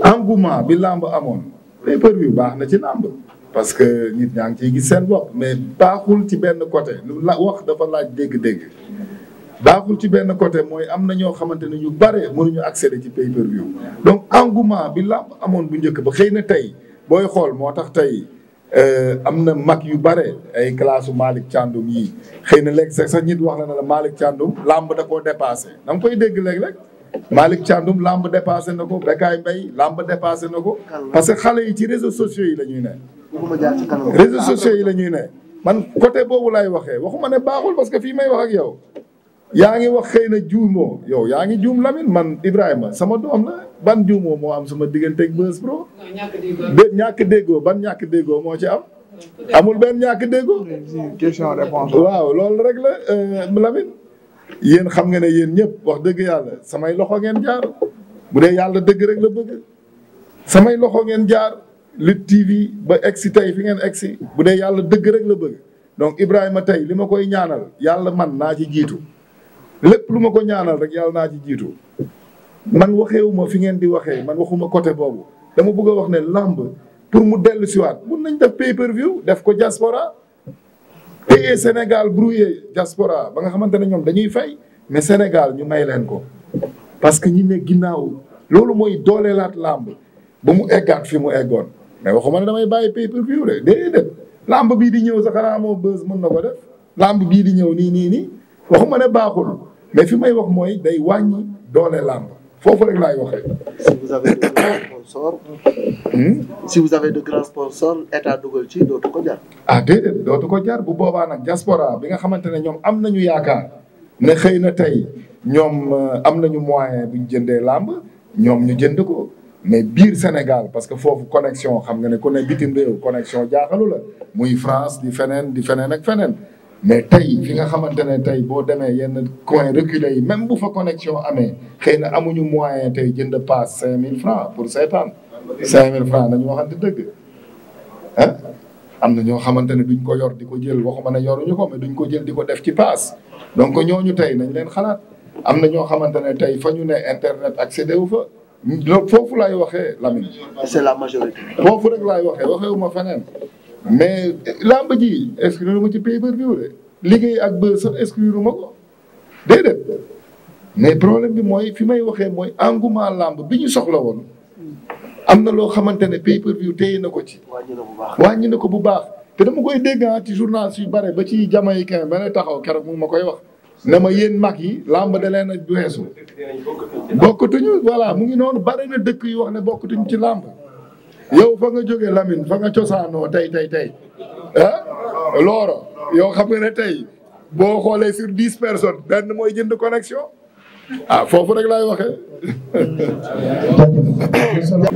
engouement bi làmb amoon. pay per view baax na ci làmb parce que nit ñaa ngi ciy gis seen bopp mais baaxul ci benn côté lu la wax dafa laaj dégg-dégg baaxul ci benn côté mooy am na ñoo xamante ne ñu bare mënuñu accéder ci pay per view donc engouement bi làmb amoon bu njëkk ba xëy na tey booy xool moo tax tey euh, am na mag yu bare ay classe Malick Thiandoum yi xëy na léeg sax nit wax la na la Malick Thiandoum làmb da koo dépassé da nga koy dégg léeg-léeg Malick Thiandoum lamb dépassé na ko Bekay Mbaye lamb dépassé na ko parce que xale yi ci réseaux sociaux yi la ñuy ne réseaux sociaux yi la ñuy ne man côté boobu lay waxee waxuma ne baaxul parce que fii may wax ak yow yaa ngi wax xëy na juumoo yow yaa ngi juum lamit man Ibrahima sama doom la ban juumoo moo am sama diggante ak Beuz Pro de ñàkk déggoo ban ñàkk déggoo moo ci am amul ben ñàkk déggoo question réponse waaw loolu rek la euh, yéen xam nga ne yéen ñëpp wax dëgg yàlla samay loxo ngeen jaar bu dee yàlla dëgg rek la bëgg samay loxo ngeen jaar Lutte TV ba egsi tey fi ngeen egsi bu dee yàlla dëgg rek la bëgg donc Ibrahima tey li ma koy ñaanal yàlla man naa ci jiitu lépp lu ma ko ñaanal rek yàlla naa ci jiitu man waxeewuma fi ngeen di waxee man waxuma côté boobu dama bëgg wax ne làmb pour mu dellu waat mun nañ def pay per view def ko diaspora payer Sénégal brouillé diaspora ba nga xamante ne ñoom dañuy fay mais Sénégal ñu may leen ko parce que ñi ginnaaw loolu mooy dooleelaat làmb ba mu eggaat fi mu eggoon mais waxuma ne damay bàyyi pay per view de déedéet làmb bii di ñëw sax xanaa moo bës mën na ko def làmb bii di ñëw nii nii nii waxuma ne baaxul mais fi may wax mooy day wàññi doole làmb foofu rek laay waxee. Hmm? si vous avez de grands sponsors. état dugal ci dootu ko jar. ah déedéet dootu ko jar bu boobaa nag diaspora bi nga xamante ne ñoom am nañu yaakaar ne xëy na tey ñoom euh, am nañu moyen bu ñu jëndee làmb ñoom ñu jënd ko. mais biir Sénégal parce que foofu connexion xam nga ne ku ne bitim réew connexion jaaxalu la muy France di feneen di feneen ak feneen. mais tey fi nga xamante ne tey boo demee yenn coin reculé yi même bu fa connexion amee xëy na amuñu moyen tey jënd paas cinq mille francs pour seetaan cinq mille francs nañu waxante dëgg ah am na ñoo xamante ne duñ ko yor di ko jël waxuma ne ñu ko mais duñ ko jël di ko def ci paas donc ñooñu tey nañ leen xalaat am na ñoo xamante ne tey fa ñu ne internet accédé wu fa loolu foofu laay waxee Lamine c'est la majorité foofu rek laay waxee waxeewu ma feneen mais làmb ji exclure ma ci pay per view de liggéey ak bër sax exclure ma ko déedéet mais problème bi mooy fi may waxee mooy engouement làmb bi ñu soxla woon am na loo xamante ne pay per view téye na ko ci. wàññi na ko bu baax te dama koy dégg ah, ci journal yu bare ba ci jamaïcain ba ne taxaw keroog moom ma koy wax. ne ma yéen mag yi làmb da leen a weesu. bokkatuñu voilà mu ngi noonu bare na dëkk yu wax ne bokkatuñu ci làmb. yow fa nga jóge Lamine fa nga cosaanoo tey tey tey ah looro yow xam nga ne tey boo xoolee sur dix personnes benn mooy jënd connexion ah foofu rek laay waxee.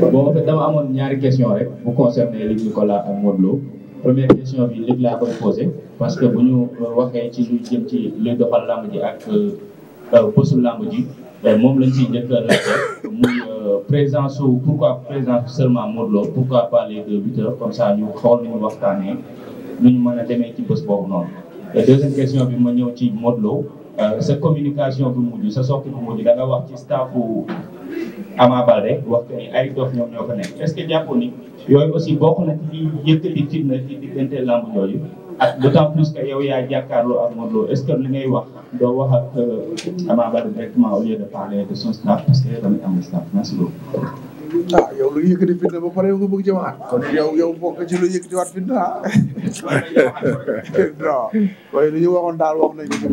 bon dama amoon ñaari question rek bu concerné Luc ko ak Modou Lo première question bi Luc laa koy posé parce que bu ñu euh, waxee ci lu jëm ci li doxal làmb ak euh, euh, bësu làmb tey moom lañ ciy njëkk a muy euh, présence su pourquoi présence seulement Modou Lo pourquoi pas les deux comme ça ñu xool nu ñu waxtaanee nu ñu mën a demee ci bés boobu noonu. deuxième question bi ma ñëw ci Modou Lo euh, sa communication bu mujj sa sortie bu mujj da wax ci staffu Ama Baldé wax que ni ay dof ñoom ñoo ko nekk est-ce que jàppoon ni yooyu aussi bokk na ci yëkkati fitna ci diggante lamb yooyu. ak d'autant plus que yow yaa jàkkaarloo ak Modou Lo est-ce que li ngay wax doo wax ak euh, Ama Baldé directement au lieu de parler de son staff parce que yow tamit am na staff merci beaucoup. Ah, ci lu yëkkati waat fitna ci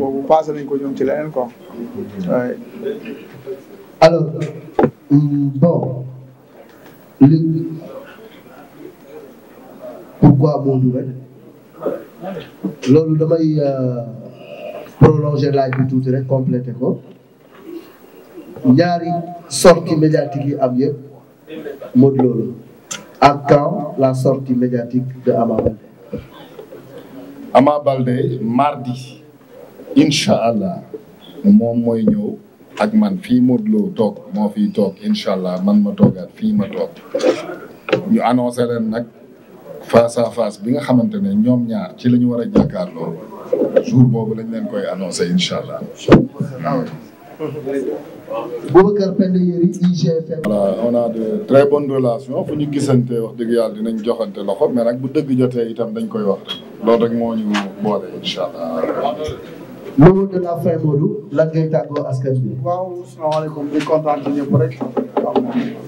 boobu ko ñoom ci leneen quoi loolu damay euh, prolonger laaj bi tuuti rek complété ko ñaari sortie médiatique yi am yëpp Modou Lo la ak quand la sortie médiatique de Ama Baldé. Ama Baldé mardi incha allah moom mooy ñëw ak man fii Modou Lo toog moo fi toog incha allah man ma toogaat fii ma toog ñu annoncé nag. face à face bi nga xamante ne ñoom ñaar ci la ñu war a jàkkaarloo jour boobu lañ leen koy annoncé incha allah. Boubacar Penda Yeri IGFM. voilà on a de très bonnes relations fu ñu gisante wax dëgg yàlla dinañ joxante loxo mais nag bu dëgg jotee itam dañ koy wax lool loolu rek moo ñu boole incha allah. loolu de la fin Modou lan ngay tàggoo askan bi.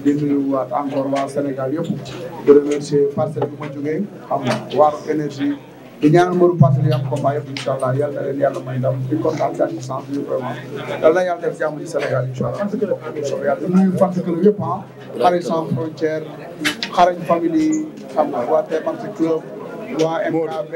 di nuyu waat encore waa Sénégal yëpp remercier parcelle bi ma jógee xam nga waaru énergie di ñaanal mbaru parcelle yi am combat yëpp incha allah yal a leen yàlla may ndam di kontaan ci assistance bi vraiment yal na yàlla def jàmm ci Sénégal incha allah yàlla ah, sans frontière xarañ famille xam nga waa waa MKB